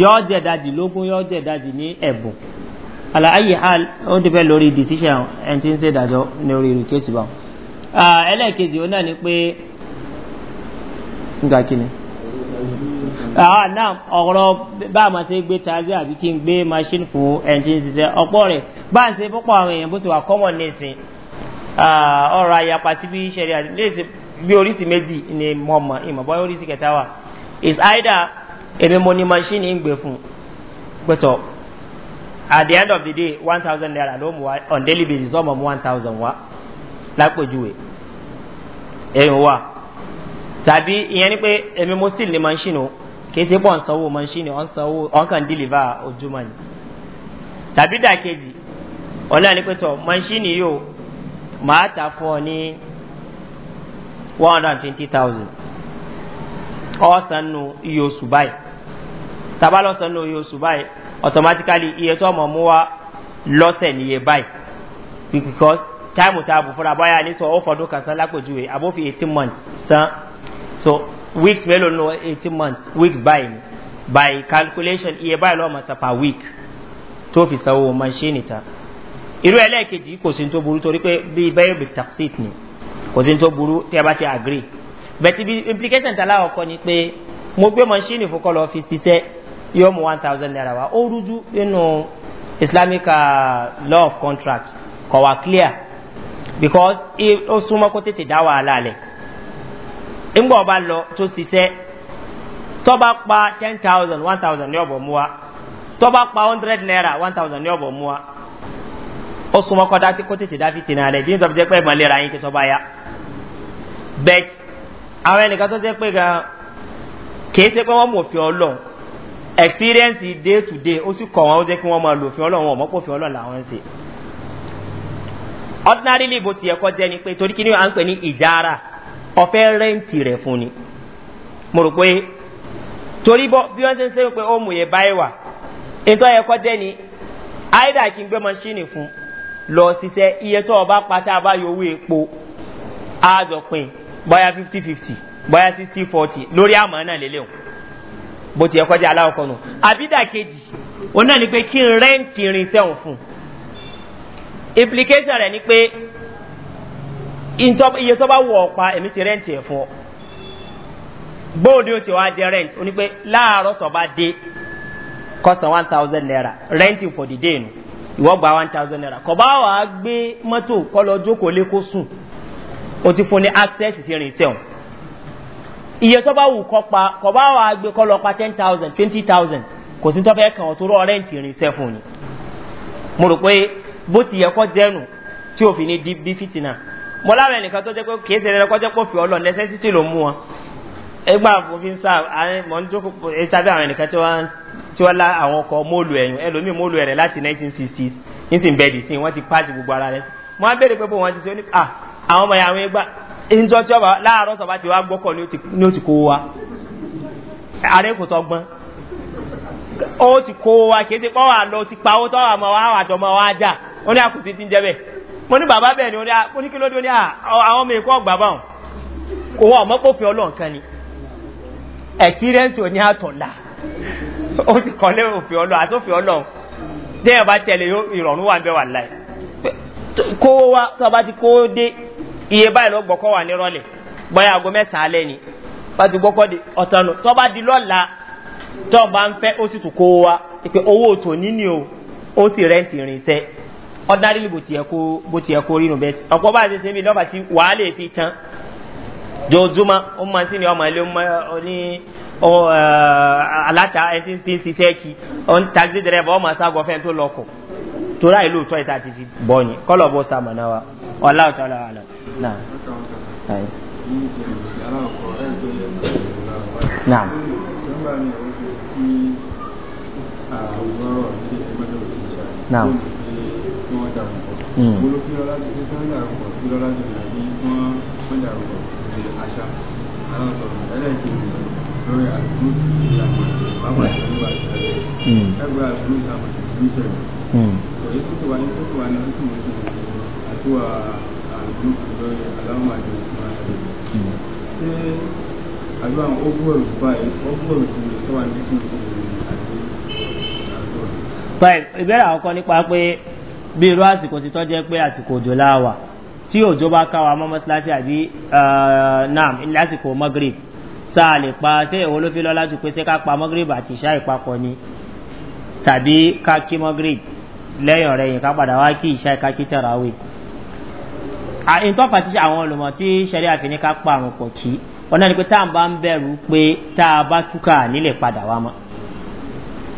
yọ́ọ́ jẹ̀ dájì lógún yọ́ọ́ jẹ̀ dájì ní ẹ̀bùn àlàyé ó ti fẹ́ lórí decision ẹni tí ń ṣe lórí irú ẹlẹ́ẹ̀kejì ó náà ni pé nga kini náà ọ̀rọ̀ bá a máa ṣe gbé àbí kí n gbé machine fún ẹni tí ń Ah, ọ̀rọ̀ àyàpá sí bí ṣẹ̀rí àdìlẹ́sì bí oríṣi méjì ni mo mọ̀ ìmọ̀ bọ́ oríṣi kẹta wà is either èmi mo ní machine ń gbé fún pẹ̀tọ̀ at the end of the day one thousand naira ló mú wa on daily basis ọmọ mú one thousand wa lápèjúwe ẹ̀yìn wa tàbí ìyẹn ni pé èmi mo still ní machine o kìí ṣe pọ̀ ń sanwó machine ọ̀ ń sanwó ọ̀nkàn deliver ojúmọ́ ni tàbí dàkejì ọ̀nà ni pẹ̀tọ̀ machine yóò màá tà fún ọ ní one hundred and twenty thousand ọ̀sán nù iye oṣù báyìí tàbá lọ́sàn nù iye báyìí automatically iye tó ọmọ mú wa lọ́sẹ̀ níye báyìí because táìmù tá a bù fúnra báyà nítorí ó fọdún kan san lápèjúwe àbófi eighteen months san so weeks mélòó nù eighteen months weeks báyìí by calculation iye báyìí lọ́mọ sàn per week tó fi sanwó machine ta irú ẹlẹ́ẹ̀kejì kò sí tó burú torí pé bíi bẹ́ẹ̀ bí taxit ni kò sí tó burú tí a bá ti agree bẹ́ẹ̀ ti bí implication tala ọkọ ni pé mo gbé mọ́ṣíìnì fún kọ́lọ́ fi ṣiṣẹ́ yóò mú one thousand naira wá ó rújú nínú islamic uh, law of contract kọ̀ wá clear because ó súnmọ́ kó tètè dá wàhálà lẹ̀ ńgbà ọba lọ tó ṣiṣẹ́ tọ́ba pa ten thousand one thousand ní ọ̀bọ̀ mú wa tọ́ba pa hundred naira one thousand ní ọ̀bọ̀ mú wa ó súnmọ́ kọ́ dátí kó tètè dá fìtìnà rẹ̀ jíjìn tó fi jẹ́ pé ìmọ̀lẹ́ ra yín tó tọ́ba ya bẹ́ẹ̀ àwọn ẹnìkan tó jẹ́ pé gan kìí ṣe pé wọ́n mọ̀ òfin ọlọ́run experience day to day ó sì kọ̀ wọ́n ó jẹ́ kí wọ́n máa lo òfin ọlọ́run wọn mọ́pọ̀ òfin ọlọ́run làwọn ń ṣe ordinary leave ti yẹ jẹ́ ni pé torí kí ni à ń pè ní ìjára ọ̀fẹ́ rẹ́ǹtì rẹ̀ fún ni mo rò pé torí bí wọ́n ṣe ń ṣe pé ó mú báyìí wà ètò ẹ̀kọ́ jẹ́ ni áìdá kí n gbé mọ́ṣíìnì fún un lọ ṣiṣẹ́ iye tó ọba pátá bá yọ owó epo àádọ́pin bóyá fifty fifty bóyá sixty forty lórí àmọ́ náà lélẹ̀ o bó ti yẹ kọjá aláwọ̀ kan nù àbídàkejì òun náà ni pé kí n rẹ́ǹtì irinṣẹ́ òun fún un implication rẹ̀ ni pé iye tó bá wọ̀ ọ̀pá èmi ti rẹ́ǹtì ẹ̀ fún ọ bóòdì ó ti wá jẹ rẹ́ǹtì ó ní pé láàárọ̀ tó bá dé kọ́sàn one thousand naira rẹ́ǹtì for the day nù. No ìwọ́ gba one thousand naira kọ̀ wa wàá gbé mọ́tò kọ́ lọ jókòó lé kó sùn o ti fún ní access sí irin sẹ́wọ̀n iye tó bá wù kọ́ pa kọ̀ bá gbé kọ́ pa ten thousand twenty thousand kò sí tọ́fẹ́ kàn ọ́ tó rọ rẹ́ǹtì irin sẹ́ fún ni mo rò pé bó ti yẹ kọ́ jẹ́nu tí òfin ní bí fìtì náà mo láwọn ẹnìkan tó jẹ́ pé kì ṣe rẹ́rẹ́ kọ́ jẹ́ pé òfin ọlọ́ọ̀ necessity ló mú wọn ẹgbà òfin sáà mọ̀ ń jókòó e tàbí àwọn ẹnìkan tí wọ́n lá àwọn ọkọ̀ móòlù ẹ̀yìn ẹlòmíì móòlù ẹ̀rẹ̀ láti 1960s ní sì ń bẹ̀ẹ̀dì sí wọ́n ti pàṣẹ gbogbo ara rẹ̀ wọ́n á bèèrè pé bó wọ́n ti ṣe ó ní à àwọn ọmọ ìyàwó ẹgbà ìjọ tí ọba láàárọ̀ sọ̀bá ti wá gbọ́kọ̀ ni ó ti kó wa ààrẹ kò tọgbọ́n ó ti kó wa kì í ti pọ́wà lọ ti pa owó tọ́wà mọ́ wa àjọ mọ́ wa jà ó ní àkùtì ti ń jẹ́ bẹ́ẹ̀ mo ní bàbá bẹ́ẹ̀ ni ó ní kí ló dé ó ní àwọn ọmọ èkó ọgbà báwọn òun ọmọ pòfin ọlọ́ọ̀kan ni ah, experience ò ní la o ti kọ́ lé òfin ọlọ́ àtòfin ọlọ́ jẹ́ bá tẹ̀lé ìrọ̀rùn wà ń wà láì kó wa tó bá ti kó dé iye báyìí ló gbọ́kọ́ wà nírọ̀lẹ́ bóyá aago mẹ́sàn alẹ́ ni bá ti gbọ́kọ́ di bá di lọ́la tó bá wa owó tò o ó sì bó ti yẹ kó rí nù bẹ́ẹ̀ ọ̀pọ̀ bá ti jojuma o máa sí ni ọmọ ilé ní eh, aláta ẹtí tí ń ṣiṣẹ́ kí taxi driver ọmọ sáàgọ́ fẹ́ tó lọ́kọ̀ torí àìlú tọ́ ìta ti fi bọ́ yín kọ́lọ̀ bó sàmà náà wa ọ̀la ọ̀tá ọ̀la wà náà. Naam. Naam. Mm àṣà aláǹtọ̀ ẹlẹ́ẹ̀kejì lórí àdúgbò tí àwọn ìjọba wà nígbà ìṣẹ̀lẹ̀ ẹgbẹ́ àdúgbò tí àwọn ìṣẹ̀lẹ̀ ìṣẹ̀lẹ̀ òye tó ti wà ní tó ti wà ní tó ti mú sí àtúwà àdúgbò lórí aláwọ̀ àjọ ìṣẹ̀lẹ̀ ṣé àdúrà ó gbòòrò báyìí ó gbòòrò sí tó wà ní tó ti àti àdúrà. tọ́ ìbéèrè àkọ́kọ́ nípa pé bí irú àsìkò ti tọ́jú pé àsìkò òjò láwà tí òjò bá káwa mọ́ mọ́síláṣí àbí nam lásìkò magrib sáà lè pa tí èwo ló fi lọ láti pé ká pa magrib àti ìṣá ìpapọ̀ ni tàbí ká kí magrib lẹ́yìn ọ̀rẹ́ yìí ká padà wá kí ìṣá ìka kí tẹ̀ráwì. ìtọ́fà tí àwọn olùmọ̀ tí ṣẹlẹ̀ àfihàn ká pa àrùn pọ̀ kí wọn náà ni pé tá à ń bá ń bẹ̀rù pé tá a bá túkà nílẹ̀ padà wá mọ́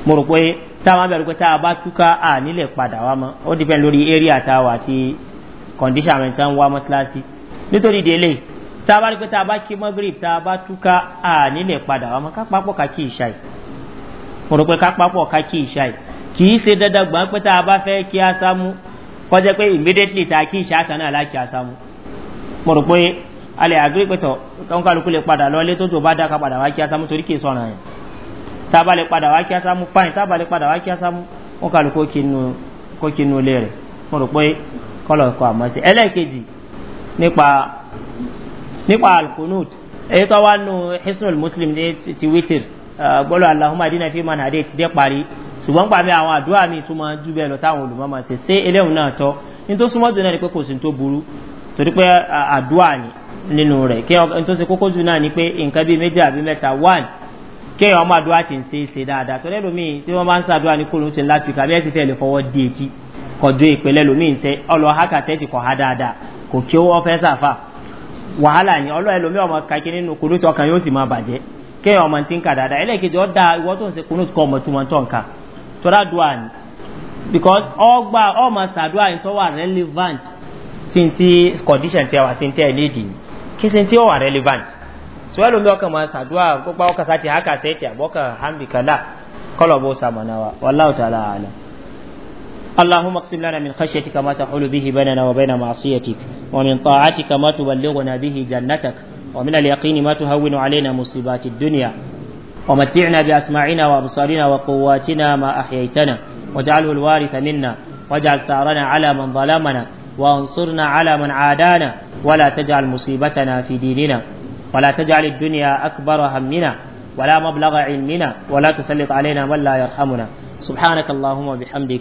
mo rò pé tá a bá bẹ̀rù pé tá a bá túkà nílẹ̀ padà wá mọ́ ó dìpẹ́ lórí area tá a wà àti kọ̀ǹdíṣà àwọn ìtàn wá mọ́síláṣí nítorí délé tá a bá rí pé tá a bá kí mọ́gírì a bá túká à nílẹ̀ padà wà mọ́ ká pápọ̀ ká kí ìṣá yìí mo rò pé ká pápọ̀ ìṣá yìí kì ṣe dandan gbọ́n pé tá fẹ́ kí asámú kọjá pé immediately tá a kí ìṣá kan náà láti asámú mo rò pé alẹ́ àgbẹ̀ pẹ̀tọ̀ kọ́ńkàlùkù lè padà lọ ilé tó tó bá dá ká padà wá kí asámú torí kì í sọ̀ràn yẹn tá a bá lè padà wá kí asámú fáìn tá a lè padà wá kí asámú wọn kàlùkù kí inú ilé rẹ̀ mo rò pé kọ́lọ̀ ẹ̀kọ́ àmọ́ sí ẹlẹ́ẹ̀kejì nípa nípa alkunut èyí tó wá nù hisnul muslim ní ti wítìr gbọ́dọ̀ allahumma adina fi man hadith dé parí ṣùgbọ́n pàmì àwọn àdúrà mi tó máa jù bẹ́ẹ̀ lọ táwọn olùmọ́ máa ṣe ṣé eléhùn náà tọ́ nítorí súnmọ́ jù náà ni pé kò sí tó burú torí pé àdúrà ni nínú rẹ̀ kí ọkàn tó ṣe kókó jù náà ni pé nǹkan bíi méjì àbí mẹ́ta one kí ọmọ àdúrà ti ń ṣe é ṣe dáadáa torí ẹlòmíì tí wọ́n bá ń ṣàdúrà ní kóòlù ti láti kàbí ẹ̀ ti fẹ́ lè fọwọ́ di etí kọjú ìpínlẹ̀ lómi ṣe ọlọ́ hákàtẹ́ ti kọ̀ ha dáadáa kò kí ó fẹ́ sàfà wàhálà ni ọlọ́ ẹlòmí ọmọ kàkí nínú kùnú tí ọkàn yóò sì máa bàjẹ́ kí ẹ ọmọ tí ń kà dáadáa ẹlẹ́ẹ̀kejì ọ̀dà ìwọ́ tó ń ṣe kùnú kọ́ ọmọ tó mọ̀ tó ń kà tọ́lá dùà ni because ọgbà ọmọ sàdùà yìí tó wà relevant sí ti condition tí a wà sí ti ẹ̀ léèdì kí sí ti ó wà relevant tí wọ́n lómi ọkàn máa sàdùà gbogbo ọkàn sáti hákàtẹ́ ti àbọ̀kàn hàmìkàlà kọ́lọ̀ bó sàmọ̀nà wa wàláwùtà láàlá. اللهم اقسم لنا من خشيتك ما تحول به بيننا وبين معصيتك ومن طاعتك ما تبلغنا به جنتك ومن اليقين ما تهون علينا مصيبات الدنيا ومتعنا بأسماعنا وأبصارنا وقواتنا ما أحييتنا واجعله الوارث منا واجعل ثارنا على من ظلمنا وانصرنا على من عادانا ولا تجعل مصيبتنا في ديننا ولا تجعل الدنيا أكبر همنا ولا مبلغ علمنا ولا تسلط علينا من لا يرحمنا سبحانك اللهم وبحمدك